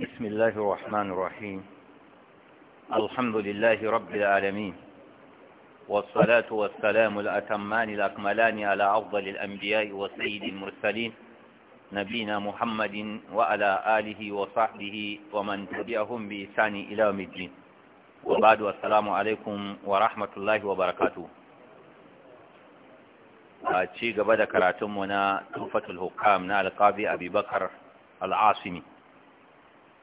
بسم الله الرحمن الرحيم الحمد لله رب العالمين والصلاة والسلام الأتمان الأكملان على أفضل الأنبياء وسيد المرسلين نبينا محمد وعلى آله وصحبه ومن تبعهم بإحسان إلى يوم الدين وبعد السلام عليكم ورحمة الله وبركاته أتشيق بدك da توفة na tufatul hukam na alƙabi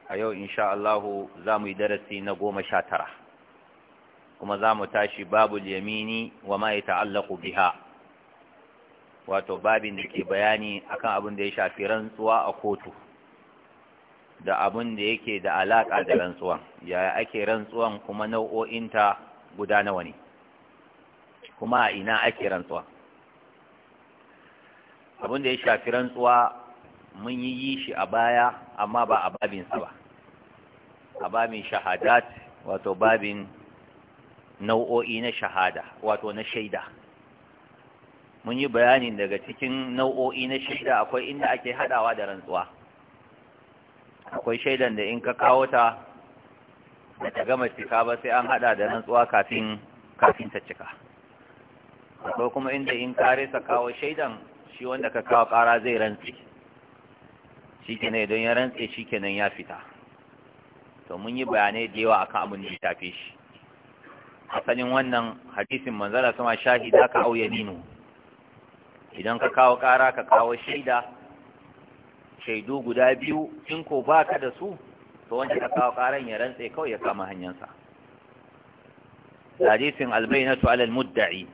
a yau insha Allahu za mu yi darasi na goma sha tara kuma za mu tashi babu yamini wa ma ya ta'allaku biha wato babin da ke bayani akan abin da ya shafi rantsuwa a kotu da abin da yake da alaƙa da rantsuwan yaya ake rantsuwan kuma nau'o'inta guda nawa ne kuma a ina ake rantsuwa abin da ya shafi rantsuwa mun yi yi shi a baya amma ba a babinsa ba a babin shahadat wato babin nau'o'i na shahada wato na shaida mun yi bayanin daga cikin nau'o'i na shaida akwai inda ake hadawa da rantsuwa akwai shaidan da in ka kawo ta da ta gama cika ba sai an hada da rantsuwa kafin kafin ta cika akwai kuma inda in ka resa kawo shaidan shi wanda ka kawo kara zai rantsi shi kenan idan ya rantsi shi kenan ya fita to mun yi bayanai da yawa akan abin da ya shafe shi asalin wannan hadisin manzala sama shahida ka auya nino idan ka kawo kara ka kawo shaida shaidu guda biyu in ko baka da su to wanda ka kawo karan ya rantse kawai ya kama hanyarsa hadisin albainatu alal mudda'i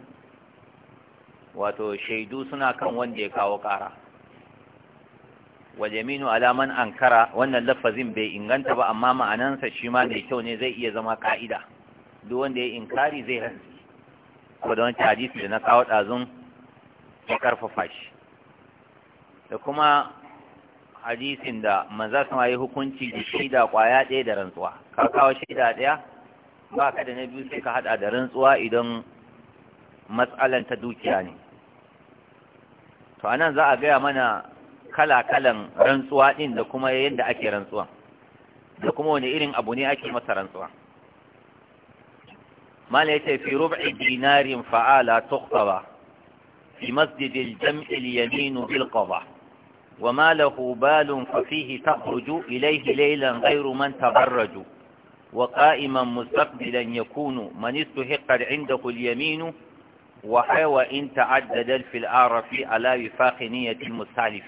wato shaidu suna kan wanda ya kawo kara waljaminu alaman ankara wannan lafazin bai inganta ba amma ma'anansa shi ma mai kyau ne zai iya zama ka'ida duk wanda ya inkari zai hanzu ko da wani hadisi da na kawo ɗazun ya karfafa shi da kuma hadisin da manza sama yi hukunci da shaida kwaya ɗaya da rantsuwa ka kawo shaida ɗaya ba ka da na biyu sai ka haɗa da rantsuwa idan matsalan ta dukiya ne to anan za a gaya mana kala-kalan rantsuwa ɗin da kuma yadda ake rantsuwa da kuma wani irin abu ne ake masa rantsuwa mala fi rub'i dinarin fa'ala tuqtaba fi masjidil jam'il yaminu bil qada wa ma lahu balun fa fihi takhruju ilayhi laylan ghayru man tabarraju wa qa'iman mustaqbilan yakunu man istahiqqa 'indahu al yaminu وحوى إن تعدد في الأعرف على وفاق نية المستعلف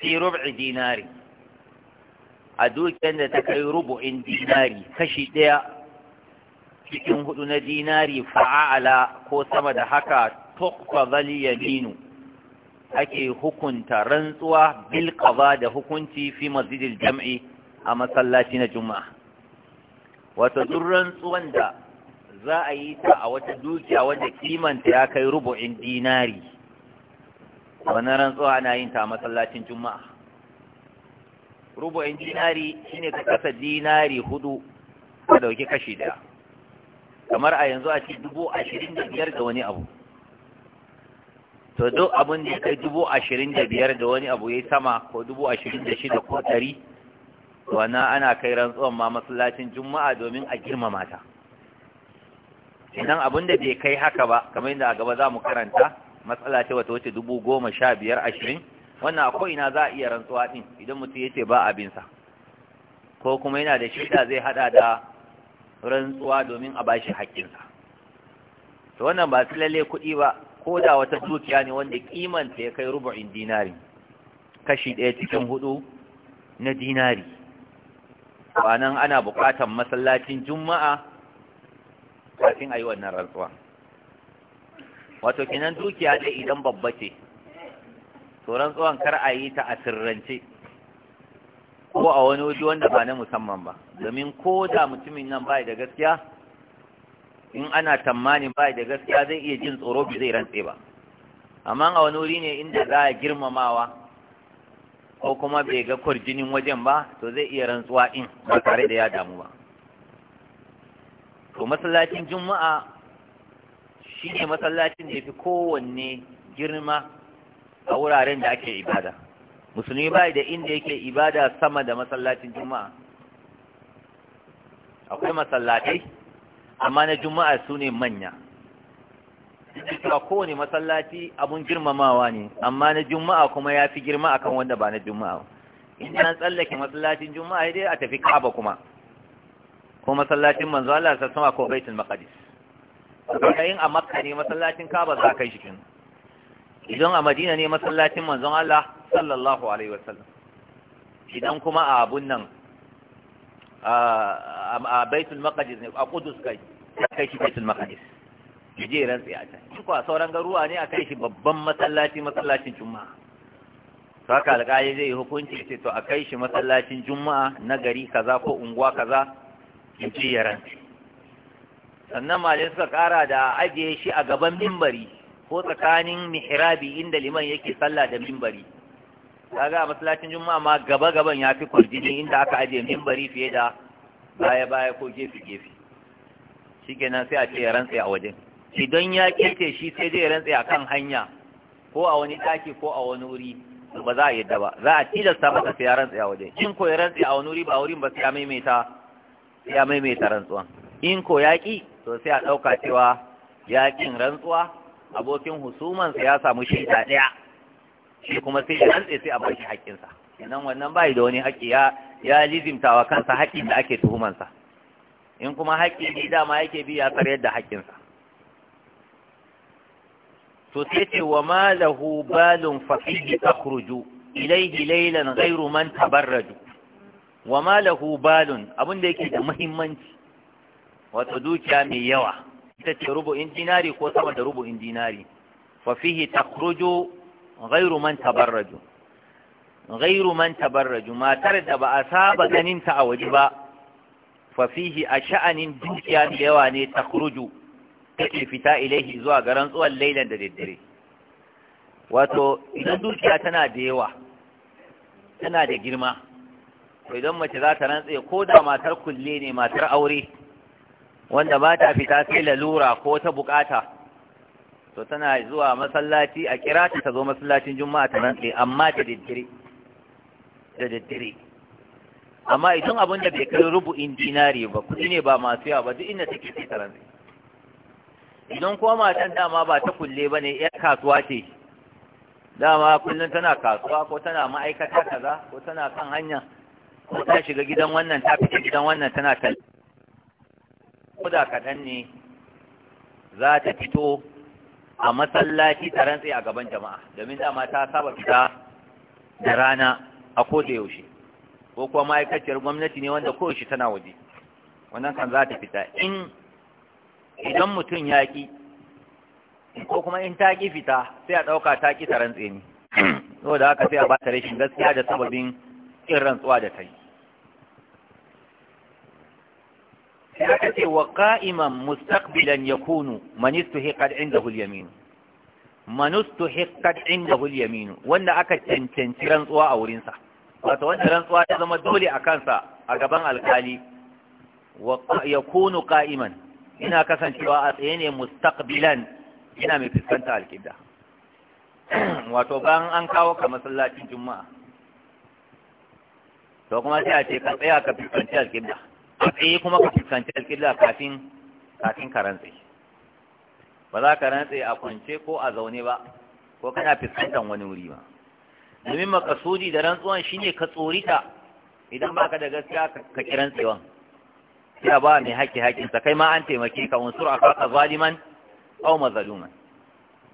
fi rub'i dinari a dukiyar da ta kai rubu'in dinari kashi ɗaya cikin hudu na dinari fa'a'ala ko sama da haka tukwa zali yaminu ake hukunta rantsuwa bil da hukunci fi masjidil jam'i a masallaci na juma'a Wata duk rantsuwan da za a yi ta a wata dukiya wanda kimanta ya kai rubu'in dinari wannan rantsuwa na yin ta a masallacin juma'a rubu'in dinari shine ka kasa dinari hudu ka dauki kashi daya kamar a yanzu a ci dubu ashirin da biyar da wani abu to duk abin da ya kai dubu ashirin da biyar da wani abu ya yi sama ko dubu ashirin da shida ko ɗari wannan ana kai rantsuwan ma masallacin juma'a domin a girmama ta idan abin da bai kai haka ba kamar yadda a gaba za mu karanta matsala ce wata wace dubu goma sha biyar ashirin wannan a ko'ina za a iya rantsuwa ɗin idan mutum ya ce ba abinsa ko kuma yana da shida zai hada da rantsuwa domin a bashi haƙƙinsa to wannan ba su lalle kuɗi ba ko da wata dukiya ne wanda kimanta ya kai rubu'in dinari kashi ɗaya cikin hudu na dinari ba nan ana buƙatar masallacin juma'a kafin a yi wannan rantsuwa wato kenan dukiya dai idan babba ce to rantsuwan kar a yi ta a sirrance ko a wani waje wanda ba na musamman ba domin ko da mutumin nan bai da gaskiya in ana tammanin bai da gaskiya zai iya jin tsoro bi zai rantse ba amma a wani wuri ne inda za a girmamawa ko kuma bai ga kwarjinin wajen ba to zai iya rantsuwa in ba tare da ya damu ba to masallacin juma'a shi ne masallacin da fi kowanne girma a wuraren da ake ibada musulmi ba da inda yake ibada sama da masallacin juma'a akwai masallatai amma na juma'a su ne manya cewa kowane masallaci abun girmamawa ne amma na juma'a kuma ya fi girma akan wanda ba na juma'a in an tsallake masallacin juma'a dai a tafi kaba kuma ko masallacin manzo Allah sassama ko baitul maqdis ka yin a makka ne masallacin kaba za kai shi idan a madina ne masallacin manzon Allah sallallahu alaihi wasallam idan kuma a abun nan a baitul maqdis ne a qudus kai kai shi baitul maqdis je ran tsaya ta shi ko sauran garuwa ne a kai shi babban masallaci masallacin juma'a to haka alƙali zai yi hukunci ce to a kai shi masallacin juma'a na gari kaza ko unguwa kaza in ci ya sannan malin suka kara da ajiye shi a gaban mimbari ko tsakanin mihrabi inda liman yake sallah da mimbari kaga a masallacin juma'a ma gaba gaban ya fi kwarjini inda aka ajiye mimbari fiye da baya baya ko gefe gefe shikenan sai a ce ya rantse a wajen idan ya kirce shi sai zai rantse a kan hanya ko a wani taki ko a wani wuri ba za a yadda ba za a tilasta masa sai ya rantse a waje in ko ya rantse a wani wuri ba wurin ba sai ya maimaita ya maimaita in ko ya ki to sai a ɗauka cewa ya ƙin rantsuwa abokin husumansa ya samu shaida ɗaya shi kuma sai ya rantse sai a ba shi haƙƙinsa sannan wannan bai da wani haƙƙi ya ya lizimtawa kansa haƙƙin da ake tuhumansa in kuma haƙƙi ne dama yake bi ya tsare yadda haƙƙinsa to sai ce wa ma lahu balun fasihi takhruju ilayhi laylan ghayru man tabarraju wa ma lahu balun abin da yake da muhimmanci wato dukiya mai yawa ita ce in dinari ko sama da in dinari fa fihi takhruju ghayru man tabarraju ghayru man tabarraju matar da ba a saba ganin ta a waje ba fa fihi a sha'anin dukiya mai yawa ne takhruju take fita ilaihi zuwa ga rantsuwar lailan da daddare wato idan dukiya tana da yawa tana da girma to idan mace za ta rantse ko da matar kulle ne matar aure wanda ba ta fita sai lalura ko ta bukata to tana zuwa masallaci a kira ta ta zo masallacin juma'a ta rantse amma da daddare da daddare amma idan abin da bai kai rubu'in dinari ba kudi ne ba masu yawa ba duk inda take sai ta rantse idan kuma matan dama ba ta kulle ba ne ‘yar kasuwa ce dama kullum tana kasuwa ko tana ma'aikata kaza ko tana kan hanya ko ta shiga gidan wannan ta fita gidan wannan tana tallafi Koda kaɗan ne za ta fito a masallaci ta rantse a gaban jama'a domin dama ta saba fita da rana a ko da yaushe ko kuma ma'aikaciyar gwamnati ne wanda koyaushe tana waje wannan kan za ta fita in idan mutum ya ki ko kuma in ta ki fita sai a ɗauka ta ki ta rantse ne saboda haka sai a ba ta rashin gaskiya da sababin ƙin rantsuwa da ta yi sai aka ce wa ƙa’iman mustaƙbilan ya kunu manistu hekad inda hulyaminu manistu hekad inda hulyaminu wanda aka cancanci rantsuwa a wurinsa. wata wato wanda rantsuwa ta zama dole a kansa a gaban alkali ya kunu ƙa’iman ina kasancewa a tsaye ne mustaqbilan ina mai fuskanta alƙidda wato bayan an kawo ka masallacin juma'a to kuma sai a ce ka tsaya ka fuskanci alƙidda a tsaye kuma ka fuskanci alƙibla kafin kafin ka rantse ba za ka rantse a kwance ko a zaune ba ko kana fuskantar wani wuri ba domin makasudi da rantsuwan shine ka ta idan baka da gaskiya ka ki rantsewan ya ba mai haƙƙi haƙƙinsa kai ma an taimake ka unsur kaka zaliman aw mazluman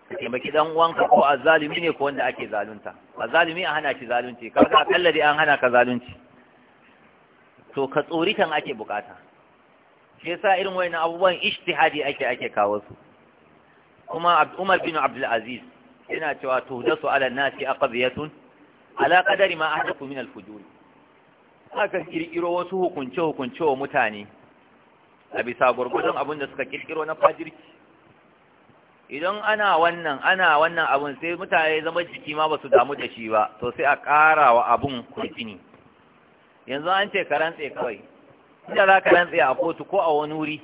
ka taimaki dan uwanka ko azzalimi ne ko wanda ake zalunta azzalimi a hana ki zalunci kaga akalla dai an hana ka zalunci to ka tsori kan ake bukata shi yasa irin wayannan abubuwan ijtihadi ake ake kawo su kuma Umar bin Abdul Aziz yana cewa su ala nasi aqdiyatun ala qadari ma ahdathu min al-fujur aka kirkiro wasu hukunce hukunce wa mutane a bisa gurgudun abin da suka kirkiro na fajirci idan ana wannan ana wannan abun sai mutane zama jiki ma ba su damu da shi ba to sai a ƙara wa abun kurkini yanzu an ce ka rantse kawai inda za ka rantse a kotu ko a wani wuri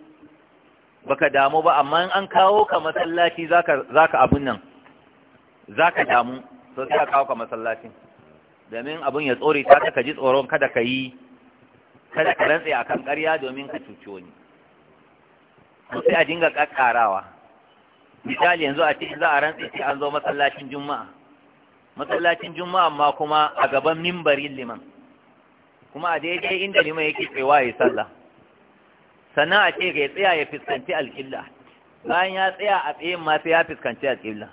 baka damu ba amma in an kawo ka masallaci za ka abin nan za ka damu so sai a kawo ka matsalaci domin abin ya tsori ta ka ji tsoron kada ka yi kada ka rantse a kan karya domin ka cuci wani sai a dinga kakkarawa misali yanzu a ce za a rantse sai an zo masallacin juma'a masallacin juma'a amma kuma a gaban mimbarin liman kuma a daidai inda liman yake tsewa ya sallah sannan a ce ya tsaya ya fuskanci alƙilla bayan ya tsaya a tsayin ma sai ya fuskanci alƙilla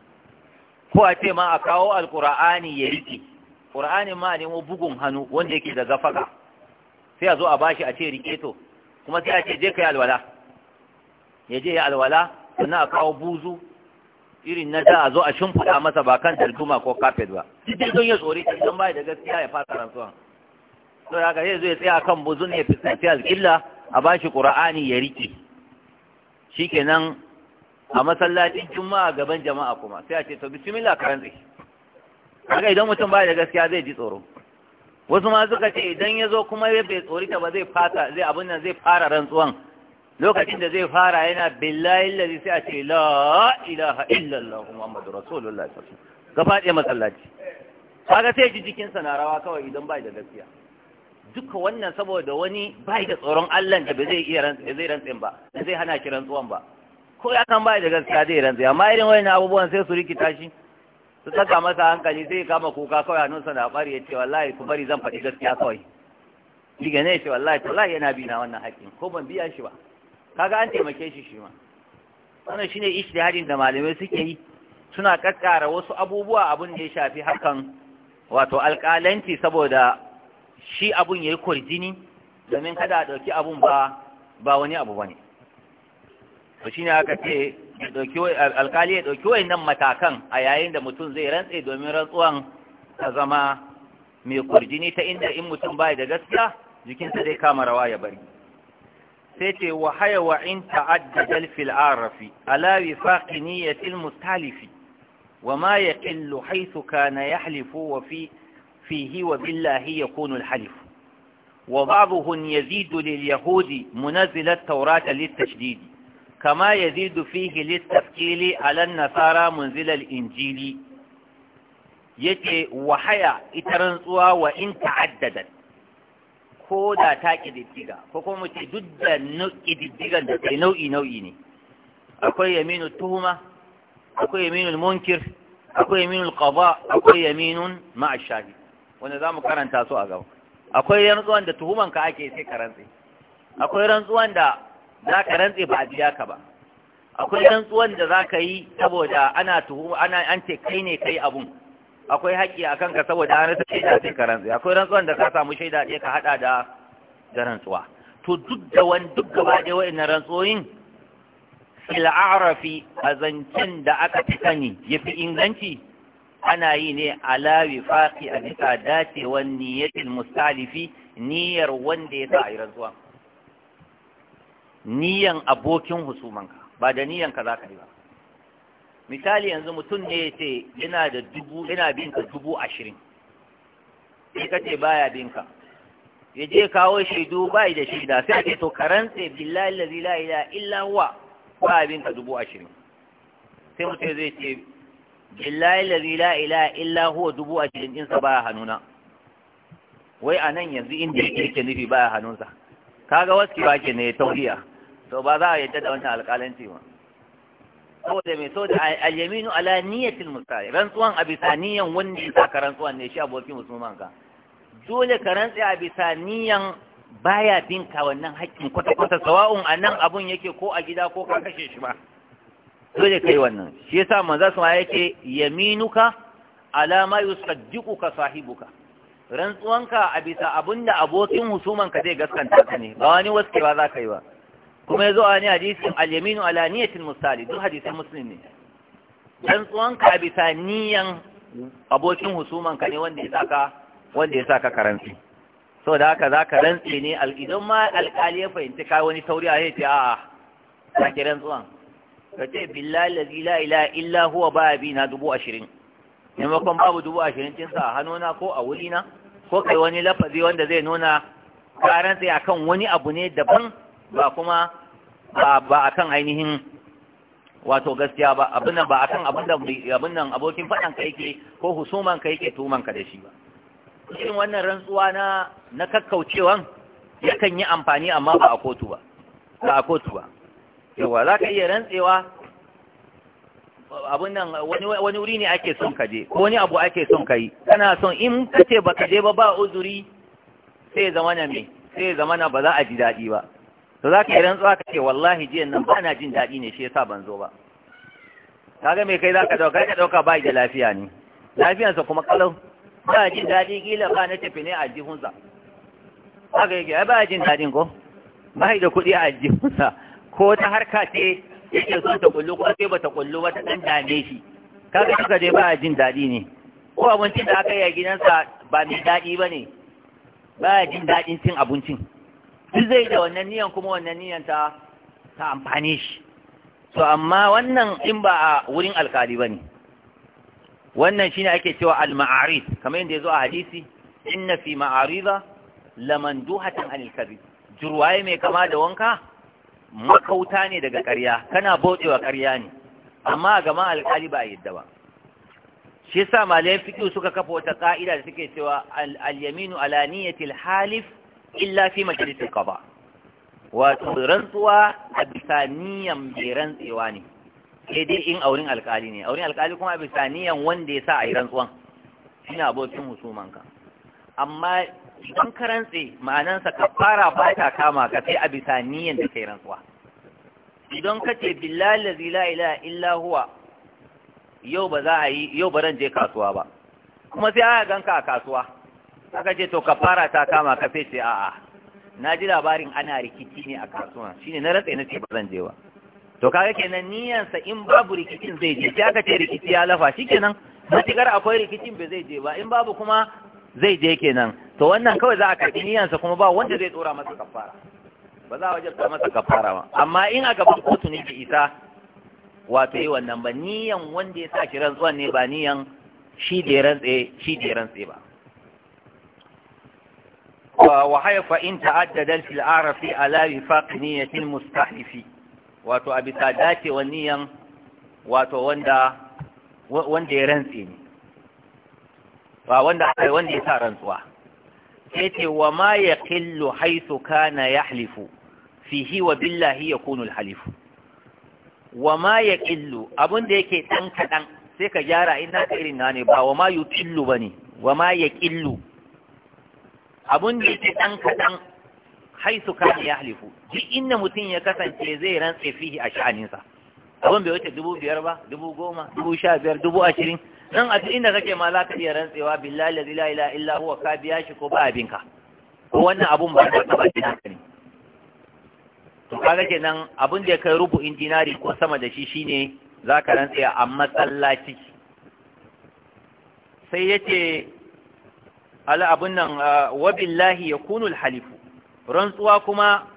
ko a ce ma a kawo alƙur'ani ya riƙe ƙur'ani ma a nemo bugun hannu wanda yake da faka sai a zo a bashi a ce riƙe to kuma sai a ce je ka yi alwala ya je ya alwala sannan a kawo buzu irin na da a zo a shimfiɗa masa ba kan dalguma ko kafet ba duk don ya tsori ta idan ba da gaskiya ya fasa rantsuwa ya haka zai tsaya kan buzun ya fuskanci alƙilla a ba shi ƙura'ani ya riƙe nan, a masallacin juma'a gaban jama'a kuma sai a ce to bismillah karantsi haka idan mutum ba da gaskiya zai ji tsoro wasu ma suka ce idan ya zo kuma ya bai tsorita ba zai fata zai abin nan zai fara rantsuwan lokacin da zai fara yana billahi lazi sai a ce la ilaha illallah muhammadu rasulullah sallallahu alaihi wasallam ka fadi masallaci kaga sai ji jikinsa na rawa kawai idan ba da gaskiya duka wannan saboda wani bai da tsoron Allah da zai iya rantsi zai rantsin ba da zai hana shi rantsuwan ba ko ya san bai da gaskiya zai rantsi amma irin wayannan abubuwan sai su rikita shi su saka masa hankali sai kama kuka kawai sa na bari ya ce wallahi ku bari zan faɗi gaskiya kawai diga ne shi wallahi wallahi yana bi na wannan haƙƙin ko ban biya shi ba kaga an taimake shi shi ma wannan shine ijtihadin da malamai suke yi suna kakkara wasu abubuwa abun da ya shafi hakan wato alƙalanci saboda shi abun ya yi kwarjini domin kada a ɗauki abun ba ba wani abu ba ne to shi ne aka ce alkali ya ɗauki wai nan matakan a yayin da mutum zai rantse domin rantsuwan ta zama mai kwarjini ta inda in mutum baya da gaskiya jikinsa zai kama rawa ya bari sai ce wa haya wa in ta'addadal fil arafi ala wifaqi mustalifi wa ma yaqillu haythu kana yahlifu wa fi فيه وبالله يكون الحلف وبعضهن يزيد لليهود منزل التوراة للتشديد كما يزيد فيه للتفكيل على النصارى منزل الإنجيل يتي وحيا اترنسوا وإن تعددت ko da ta ƙididdiga ko kuma ce duk da ƙididdigan da ta nau'i nau'i ne akwai yaminu tuhuma akwai yaminu munkir akwai yaminu qada akwai yaminu wanda za mu karanta su a gaba akwai rantsuwan da tuhumanka ake sai ka rantse akwai rantsuwan da za ka rantse ba a biya ka ba akwai rantsuwan da za ka yi saboda ana tuhuma ana an ce kai ne kai abun akwai haƙƙi a kanka saboda an rasa shaida sai ka rantse akwai rantsuwan da ka samu shaida ɗaya ka haɗa da da rantsuwa to duk da wani duk gaba ɗaya wa'annan rantsuwoyin fil a zancen da aka fi sani fi inganci ana yi ne ala wifaqi a bisa dacewar niyyatil mustalifi niyyar wanda ya sa a yi rantsuwa niyyan abokin husumanka ba da niyan ka za ka yi ba misali yanzu mutum ne ya ce yana da dubu yana bin ka dubu ashirin sai ka ce baya bin ka ya je kawo shaidu ba da shaida sai ake to karanta billahi la ilaha illa huwa ba bin ka dubu ashirin sai mutum zai ce billahi allazi la ilaha illa huwa dubu a cikin insa ba hannuna wai anan yanzu inda ya ke nufi ba hannunsa kaga wasu ba ke ne tauriya, to ba za a yadda da wannan alƙalanci ba da mai so da alyaminu ala niyyatil musari, rantsuwan a bisa niyyan wani ya saka rantsuwan ne shi abokin musulman ka dole ka rantsi a bisa niyyan baya bin ka wannan haƙƙin kwata kwata sawa'un a nan abun yake ko a gida ko ka kashe shi ba zai kai wannan shi yasa manzo sama yake yaminuka ala ma yusaddiquka sahibuka rantsuwanka a bisa abinda abokin husumanka zai gaskanta ka ne ba wani waske ba za ka yi ba kuma yazo a ne hadisin al-yaminu ala niyatin musali duk hadisin muslim ne rantsuwanka a bisa niyan abokin husumanka ne wanda ya saka wanda ya saka karanci so da haka za ka ne ne idan ma al-qali ya fahimci kai wani tauri a yace ce a'a ka kiran rantsuwan ka ce billahi la ilaha illa huwa ba bi na dubu ashirin maimakon babu dubu ashirin tinsa a hannuna ko a wurina ko kai wani lafazi wanda zai nuna karan sai akan wani abu ne daban ba kuma ba akan ainihin wato gaskiya ba abin nan ba akan abin da abin nan abokin faɗan ka yake ko husuman ka yake tuman ka da shi ba Shin wannan rantsuwa na na kakkaucewan yakan yi amfani amma ba a kotu ba ba a kotu ba yawa za ka iya rantsewa abun nan wani wuri ne ake son ka je ko wani abu ake son ka yi kana son in ka ce ba ka je ba ba uzuri sai zama na me sai zama na ba za a ji daɗi ba to za ka yi rantsuwa ka ce wallahi jiyan nan ba na jin daɗi ne shi ya sa ban zo ba ga me kai za ka ɗauka ka ɗauka ba da lafiya ne lafiyansa kuma kalau ba jin daɗi kila ba na tafi ne a jihunsa ga yake ba jin daɗin ko ba da kuɗi a jihunsa ko ta harka ce yake so ta kullu ko sai bata kullu ba ta dan dame shi kaga duka dai ba jin daɗi ne ko abincin da aka yi a gidansa ba mai daɗi ba ne ba jin daɗin cin abincin duk zai da wannan niyan kuma wannan niyan ta ta amfani shi to amma wannan in ba a wurin alkali ba ne wannan shine ake cewa al-ma'arif kamar yadda ya a hadisi inna fi ma'ariza lamanduhatan anil kadhib jurwaye mai kama da wanka makauta ne daga ƙarya kana bautsewa ƙarya ne amma gama alƙali ba a yadda ba shi yasa malayan fiqh suka kafa wata ƙa'ida da suke cewa al-yaminu ala niyyatil halif illa fi Majalisar qada wato rantsuwa a bisa niyan mai rantsewa ne sai dai in aurin alƙali ne aurin alƙali kuma a bisa niyan wanda ya sa a yi rantsuwan ne abokin husumanka amma idan ka rantse ma'anansa kafara ba ta kama ka sai a bisa niyan da kai rantsuwa idan ka ce billahi la ilaha illa huwa yau ba za a yi yau ba ran je kasuwa ba kuma sai aka ganka a kasuwa aka ce to kafara ta kama ka sai ce a'a na ji labarin ana rikici ne a kasuwa shine na rantse na ce ba zan je ba to kaga kenan niyansa in babu rikicin zai je sai aka ce rikici ya lafa shikenan matikar akwai rikicin ba zai je ba in babu kuma zai je kenan to wannan kawai za a karɓi niyansa kuma ba wanda zai tsora masa kafara ba za a wajabta masa kafara ba amma in a gaban kotu ne ki isa wato yi wannan ba niyan wanda ya sa shi rantsuwan ne ba niyan shi da ya rantse shi da ya rantse ba wa haifa in ta'addada fil arafi ala wifaq niyatil mustahlifi wato a bisa dace wa niyan wato wanda wanda ya rantse ne wa wanda yi wanda ya sa rantsuwa sai ce wa ma yaqillu haythu kana yahlifu fihi wa billahi yakunu al-halifu wa ma yaqillu abunda yake dan kadan sai ka gyara in ka irin na ne ba wa ma yutillu bane wa ma yaqillu abunda yake dan kadan haisu kana yahlifu duk inda mutum ya kasance zai rantse fihi a sha'aninsa abin bai wuce dubu biyar ba dubu goma dubu sha biyar dubu ashirin nan a duk inda kake ma za ka iya rantsewa billahi la ilaha illa huwa ka biya shi ko ba abinka ko wannan abun ba ka ba shi haka ne to kaga kenan abun da ya kai in dinari ko sama da shi shine za ka rantse a masallaci sai yace ala abun nan wa billahi yakunu alhalifu rantsuwa kuma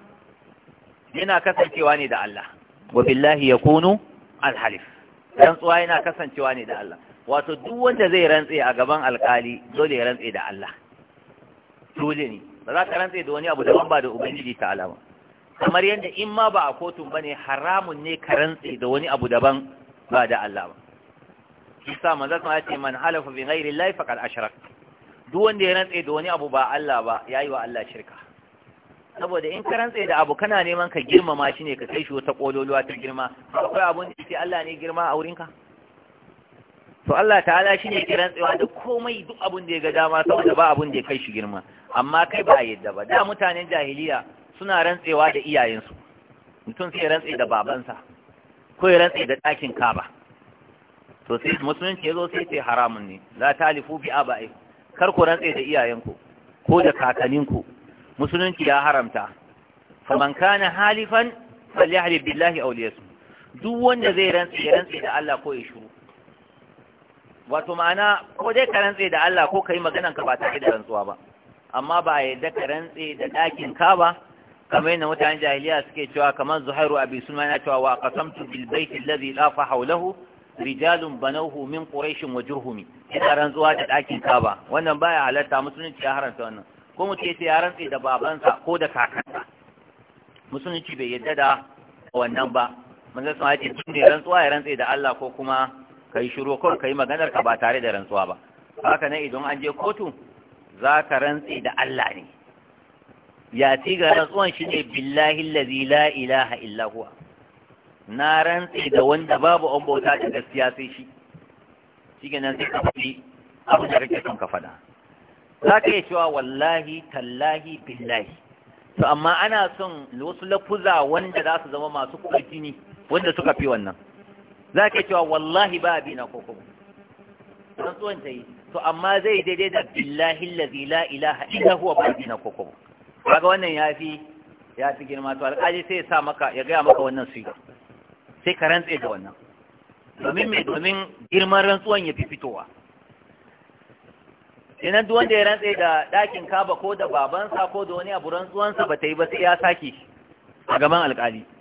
yana kasancewa ne da Allah wa billahi yakunu halif rantsuwa yana kasancewa ne da Allah wato duk wanda zai rantse a gaban alkali dole ya rantse da Allah dole ne ba za ka rantse da wani abu daban ba da ubangiji ta alama kamar yadda in ma ba a kotun bane haramun ne ka rantse da wani abu daban ba da Allah ba Kisa manzo kuma yace man halafa bi ghairi llahi faqad ashrak duk wanda ya rantse da wani abu ba Allah ba yayi wa Allah shirka saboda in ka rantse da abu kana neman ka girmama shi ne ka kai shi wata kololuwa ta girma akwai abun da yake Allah ne girma a wurinka ka to Allah ta'ala shi ne kiran tsewa da komai duk abin da ya ga dama saboda ba abin da ya kai shi girma amma kai ba yadda ba da mutanen jahiliya suna rantsewa da iyayensu mutum sai rantse da babansa ko ya rantse da ɗakin kaba to sai musulunci ya zo sai sai haramun ne la talifu bi aba'i kar ku rantse da iyayenku ko da kakanninku musulunci ya haramta faman kana halifan falyahlib billahi aw liyasum duk wanda zai rantse ya rantse da Allah ko ya shiru wato ma'ana ko dai ka rantse da Allah ko yi maganan ka ba ta da rantsuwa ba amma ba ya da ka rantse da ɗakin ka ba kamar yadda mutanen jahiliya suke cewa kamar Zuhairu Abi Sulman yana cewa wa qasamtu bil baiti alladhi la fa hawlahu rijalun banawhu min quraish wa jurhumi ina rantsuwa da ɗakin ka ba wannan baya halatta musulunci ya haranta wannan ko mutum ya ce ya rantse da babansa ko da kakansa musulunci bai yadda da wannan ba manzon sun ce tun ya rantsuwa ya rantse da Allah ko kuma kai shiru kawai kai maganar ka ba tare da rantsuwa ba haka nan idan an je kotu za ka rantsi da Allah ne ya ci ga rantsuwan shi ne billahi lazi la ilaha illa huwa na rantsi da wanda babu an bauta da gaskiya sai shi nan sai ka faɗi abin da kake son ka faɗa za ka iya cewa wallahi tallahi billahi to amma ana son wasu lafuza wanda za su zama masu kurjini wanda suka fi wannan za ka cewa wallahi ba abi na koko rantsuwan ta yi to amma zai daidai da billahi lazi la ilaha illa huwa ba abi na koko kaga wannan ya fi ya fi girma to alƙaji sai ya sa maka ya gaya maka wannan su sai ka rantse da wannan domin mai domin girman rantsuwan ya fi fitowa inan duk wanda ya rantse da ɗakin kaba ko da babansa ko da wani abu rantsuwansa ba ta yi ba sai ya sake a gaban alƙali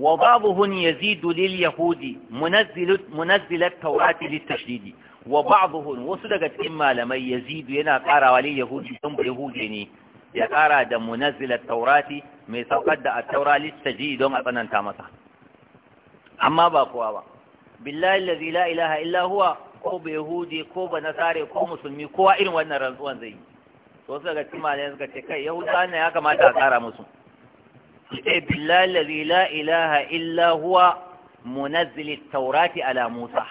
وبعضهن يزيد لليهود منزل منزل التوراة للتشديد وبعضهن وصدقت إما لما يزيد ينا قارا ولليهود ثم يهودني ya ƙara da munazzilar taurati mai saukar da a taura littaji don a tsananta masa amma ba kowa ba billahi lazi la ilaha illa huwa ko ba yahudi ko ba nasare ko musulmi kowa irin wannan rantsuwan zai yi to su daga cikin malamai suka ce kai yahudawa ne ya kamata a ƙara musu ce billahi la ilaha illa huwa munazzil taurati ala musa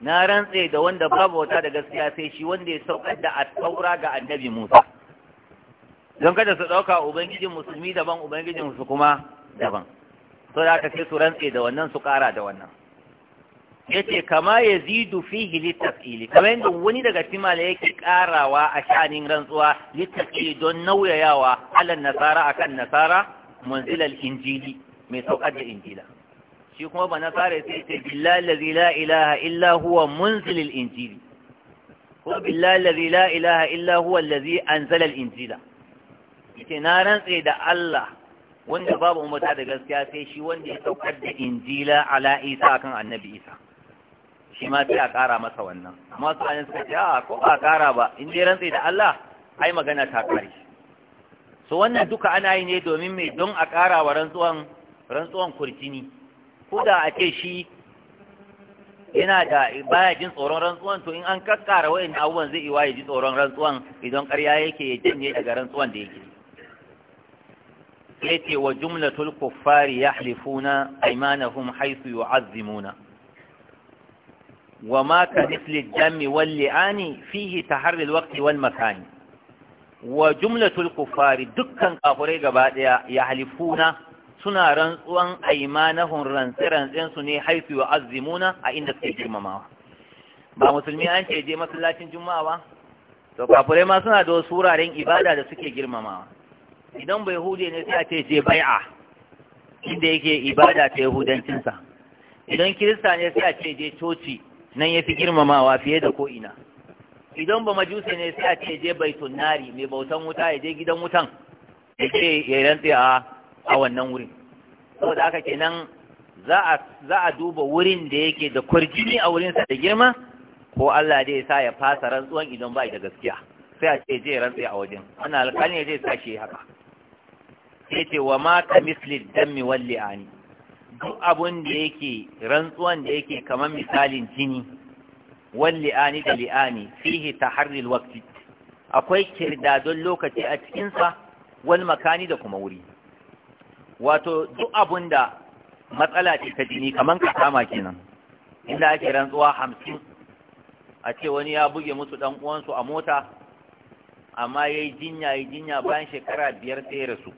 na rantse da wanda babu wata da gaskiya sai shi wanda ya saukar da at-taura ga annabi musa don kada su dauka ubangijin musulmi daban ubangijin su kuma daban to da aka sai su rantse da wannan su kara da wannan Ya ce kama yazidu fihi ili kamar yadda wani daga cikin yake karawa a sha'anin rantsuwa ili don nauyayawa alan nasara a kan nasara munzilal injili mai saukar da injila shi kuma ba nasara sai ce billahi allazi ilaha illa huwa manzilar injili ko billahi allazi ilaha illa huwa an zalar injila ita na rantse da Allah wanda babu umarta da gaskiya sai shi wanda ya saukar da injila ala Isa akan annabi Isa shi ma sai a ƙara masa wannan amma su ayin suka ce a ko ba a ƙara ba in dai rantsi da Allah ai magana ta ƙare so wannan duka ana yi ne domin mai don a ƙara wa rantsuwan rantsuwan kurjini ko da a ce shi yana da baya jin tsoron rantsuwan to in an kakkara wa'in abubuwan zai iwa ya ji tsoron rantsuwan idan ƙarya yake ya janye daga rantsuwan da yake yake ce wa jumlatul kuffari yahlifuna aymanahum haythu yu'azzimuna وما كمثل الدم واللعان فيه تحرر الوقت والمكان وجملة الكفار دكا كافري قبادة يحلفون سنا رنسوان أيمانهم رنس رنسين سني حيث يعظمون أين suke girmamawa. ba musulmi an ce je masallacin juma'a ba to kafurai ma suna da wasu wuraren ibada da suke girmamawa idan bai hude ne sai a ce je bai'a inda yake ibada ta yahudancinsa idan kirista ne sai a ce je coci nan ya fi girmamawa fiye da ko ina. idan ba majusi ne sai a ce je baitun nari mai bautan wuta ya je gidan wutan ya ce ya rantse a wannan wurin saboda haka kenan za a duba wurin da yake da kurjini a wurinsa da girma ko Allah dai sa ya fasa rantsuwan idan ba da gaskiya sai a ce je rantse a wajen wannan alƙalin zai sa shi haka sai ce wa ma ka misli dammi walli ni. duk abun da yake rantsuwan da yake kamar misalin jini walli li'ani da li'ani fihi taharril waqti akwai kirdadon lokaci a cikin sa wal makani da kuma wuri wato duk abun da matsala ce ta jini kamar ka kama kenan inda ake rantsuwa hamsin a ce wani ya buge musu dan uwansu a mota amma yayi jinya yayi jinya bayan shekara biyar sai ya rasu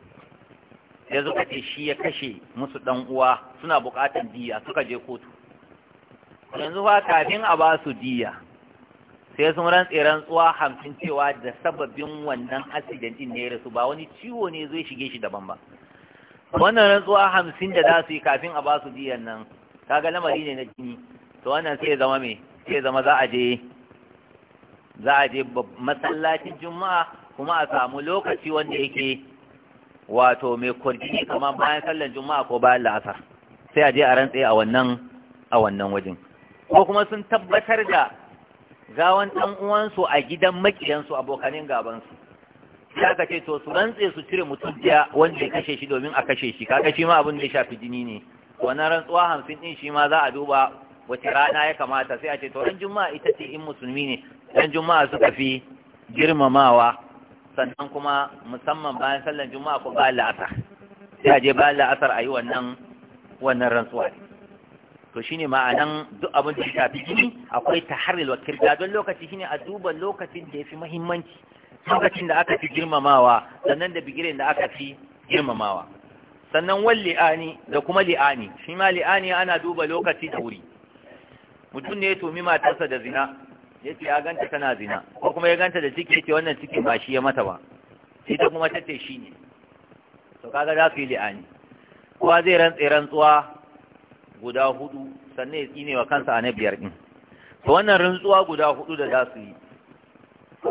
sai suka ce shi ya kashe musu dan uwa suna buƙatar diya suka je kotu yanzu fa kafin a ba su diya sai sun rantse rantsuwa hamsin cewa da sababin wannan accidentin ne rasu ba wani ciwo ne zai shige shi daban ba wannan rantsuwa hamsin da za su yi kafin a ba su diyan nan kaga lamari ne na jini to wannan sai zama me sai zama za a je za a je masallacin juma'a kuma a samu lokaci wanda yake wato mai kwarjini kamar bayan sallan juma'a ko bayan la'asar sai a je a rantse a wannan a wannan wajen ko kuma sun tabbatar da gawan ɗan uwansu a gidan makiyansu abokanin gabansu ya ka ce to su rantse su cire mutum ɗaya wanda ya kashe shi domin a kashe shi Kaka shi ma abin da ya shafi jini ne wannan rantsuwa hamsin ɗin shi ma za a duba wace rana ya kamata sai a ce to ran juma'a ita ce in musulmi ne ran juma'a suka fi girmamawa sannan kuma musamman bayan sallan juma'a ko bayan la'asar sai a je bayan la'asar a yi wannan wannan rantsuwa to shine ma'anan duk abin da fi gini akwai taharril wa kirda don lokaci shine a duba lokacin da yafi muhimmanci lokacin da aka fi girmamawa sannan da bigire da aka fi girmamawa sannan wal li'ani da kuma li'ani shi ma li'ani ana duba lokaci da wuri mutum ne ya tumi matarsa da zina ce ya ganta tana zina ko kuma ya ganta da ciki yace wannan cikin ba shi ya mata ba ita kuma tace shi ne to kaga za su yi li'ani kowa zai rantse rantsuwa guda hudu sannan ya tsine wa kansa a na biyar din to wannan rantsuwa guda hudu da za su yi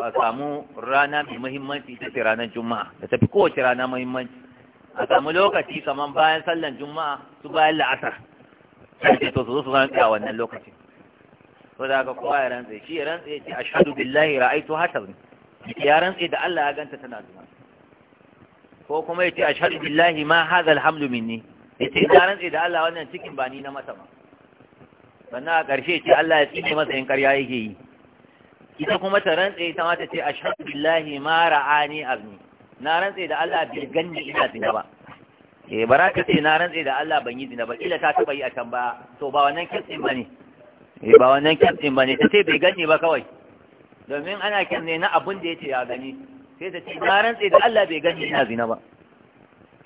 a samu rana mai muhimmanci ita ce ranar juma'a da tafi kowace rana muhimmanci a samu lokaci kamar bayan sallan juma'a su bayan la'asar sai to su zo su rantsa wannan lokacin ko da ka kowa ya rantse shi ya rantse ya ce shaɗu billahi ra'aitu hatab ya rantse da Allah ya ganta tana zuwa ko kuma ya ce shaɗu billahi ma hadha alhamdu minni ya ce ya rantse da Allah wannan cikin ba ni na mata ba sannan a ƙarshe ce Allah ya tsine masa yin ƙarya yake yi ita kuma ta rantse ita ma ta ce shaɗu billahi ma ra'ani abni na rantse da Allah bai ganni ina zina ba ke eh, bara ta ce na rantse da Allah ban yi zina ba kila ta taɓa yi a can ba to ba wannan ba ne? eh ba wannan kyan ba ne, ta ce bai gani ba kawai domin ana kyan ne na abun da ya ce ya gani sai ta ce na rantse da Allah bai gani ina zina ba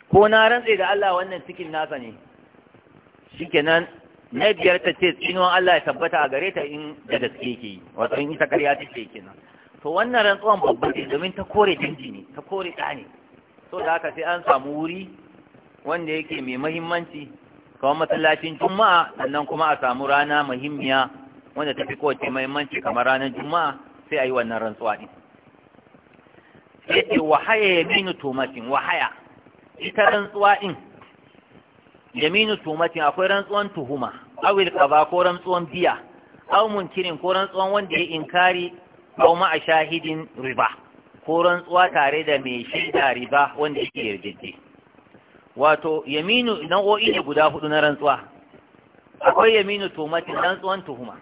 ko na rantse da Allah wannan cikin nasa ne shikenan na biyar ta ce tsinuwan Allah ya tabbata a gare ta in da gaske ke yi wato in ita karya ta ce kenan to wannan rantsuwan babba ne domin ta kore dangi ne ta kore ɗa ne so da haka sai an samu wuri wanda yake mai mahimmanci kamar masallacin juma'a sannan kuma a samu rana mahimmiya wanda ta fi kowace mahimmanci kamar ranar juma'a sai a yi wannan rantsuwa ɗin sai ce wahaya minu tumatin wahaya ita rantsuwa ɗin yaminu tumatin akwai rantsuwan tuhuma awil kaba ko rantsuwan biya aw kirin ko rantsuwan wanda ya inkari aw ma shahidin riba ko rantsuwa tare da mai shaida riba wanda yake yarjeje wato yaminu nau'o'i ne guda hudu na rantsuwa akwai yaminu tumatin rantsuwan tuhuma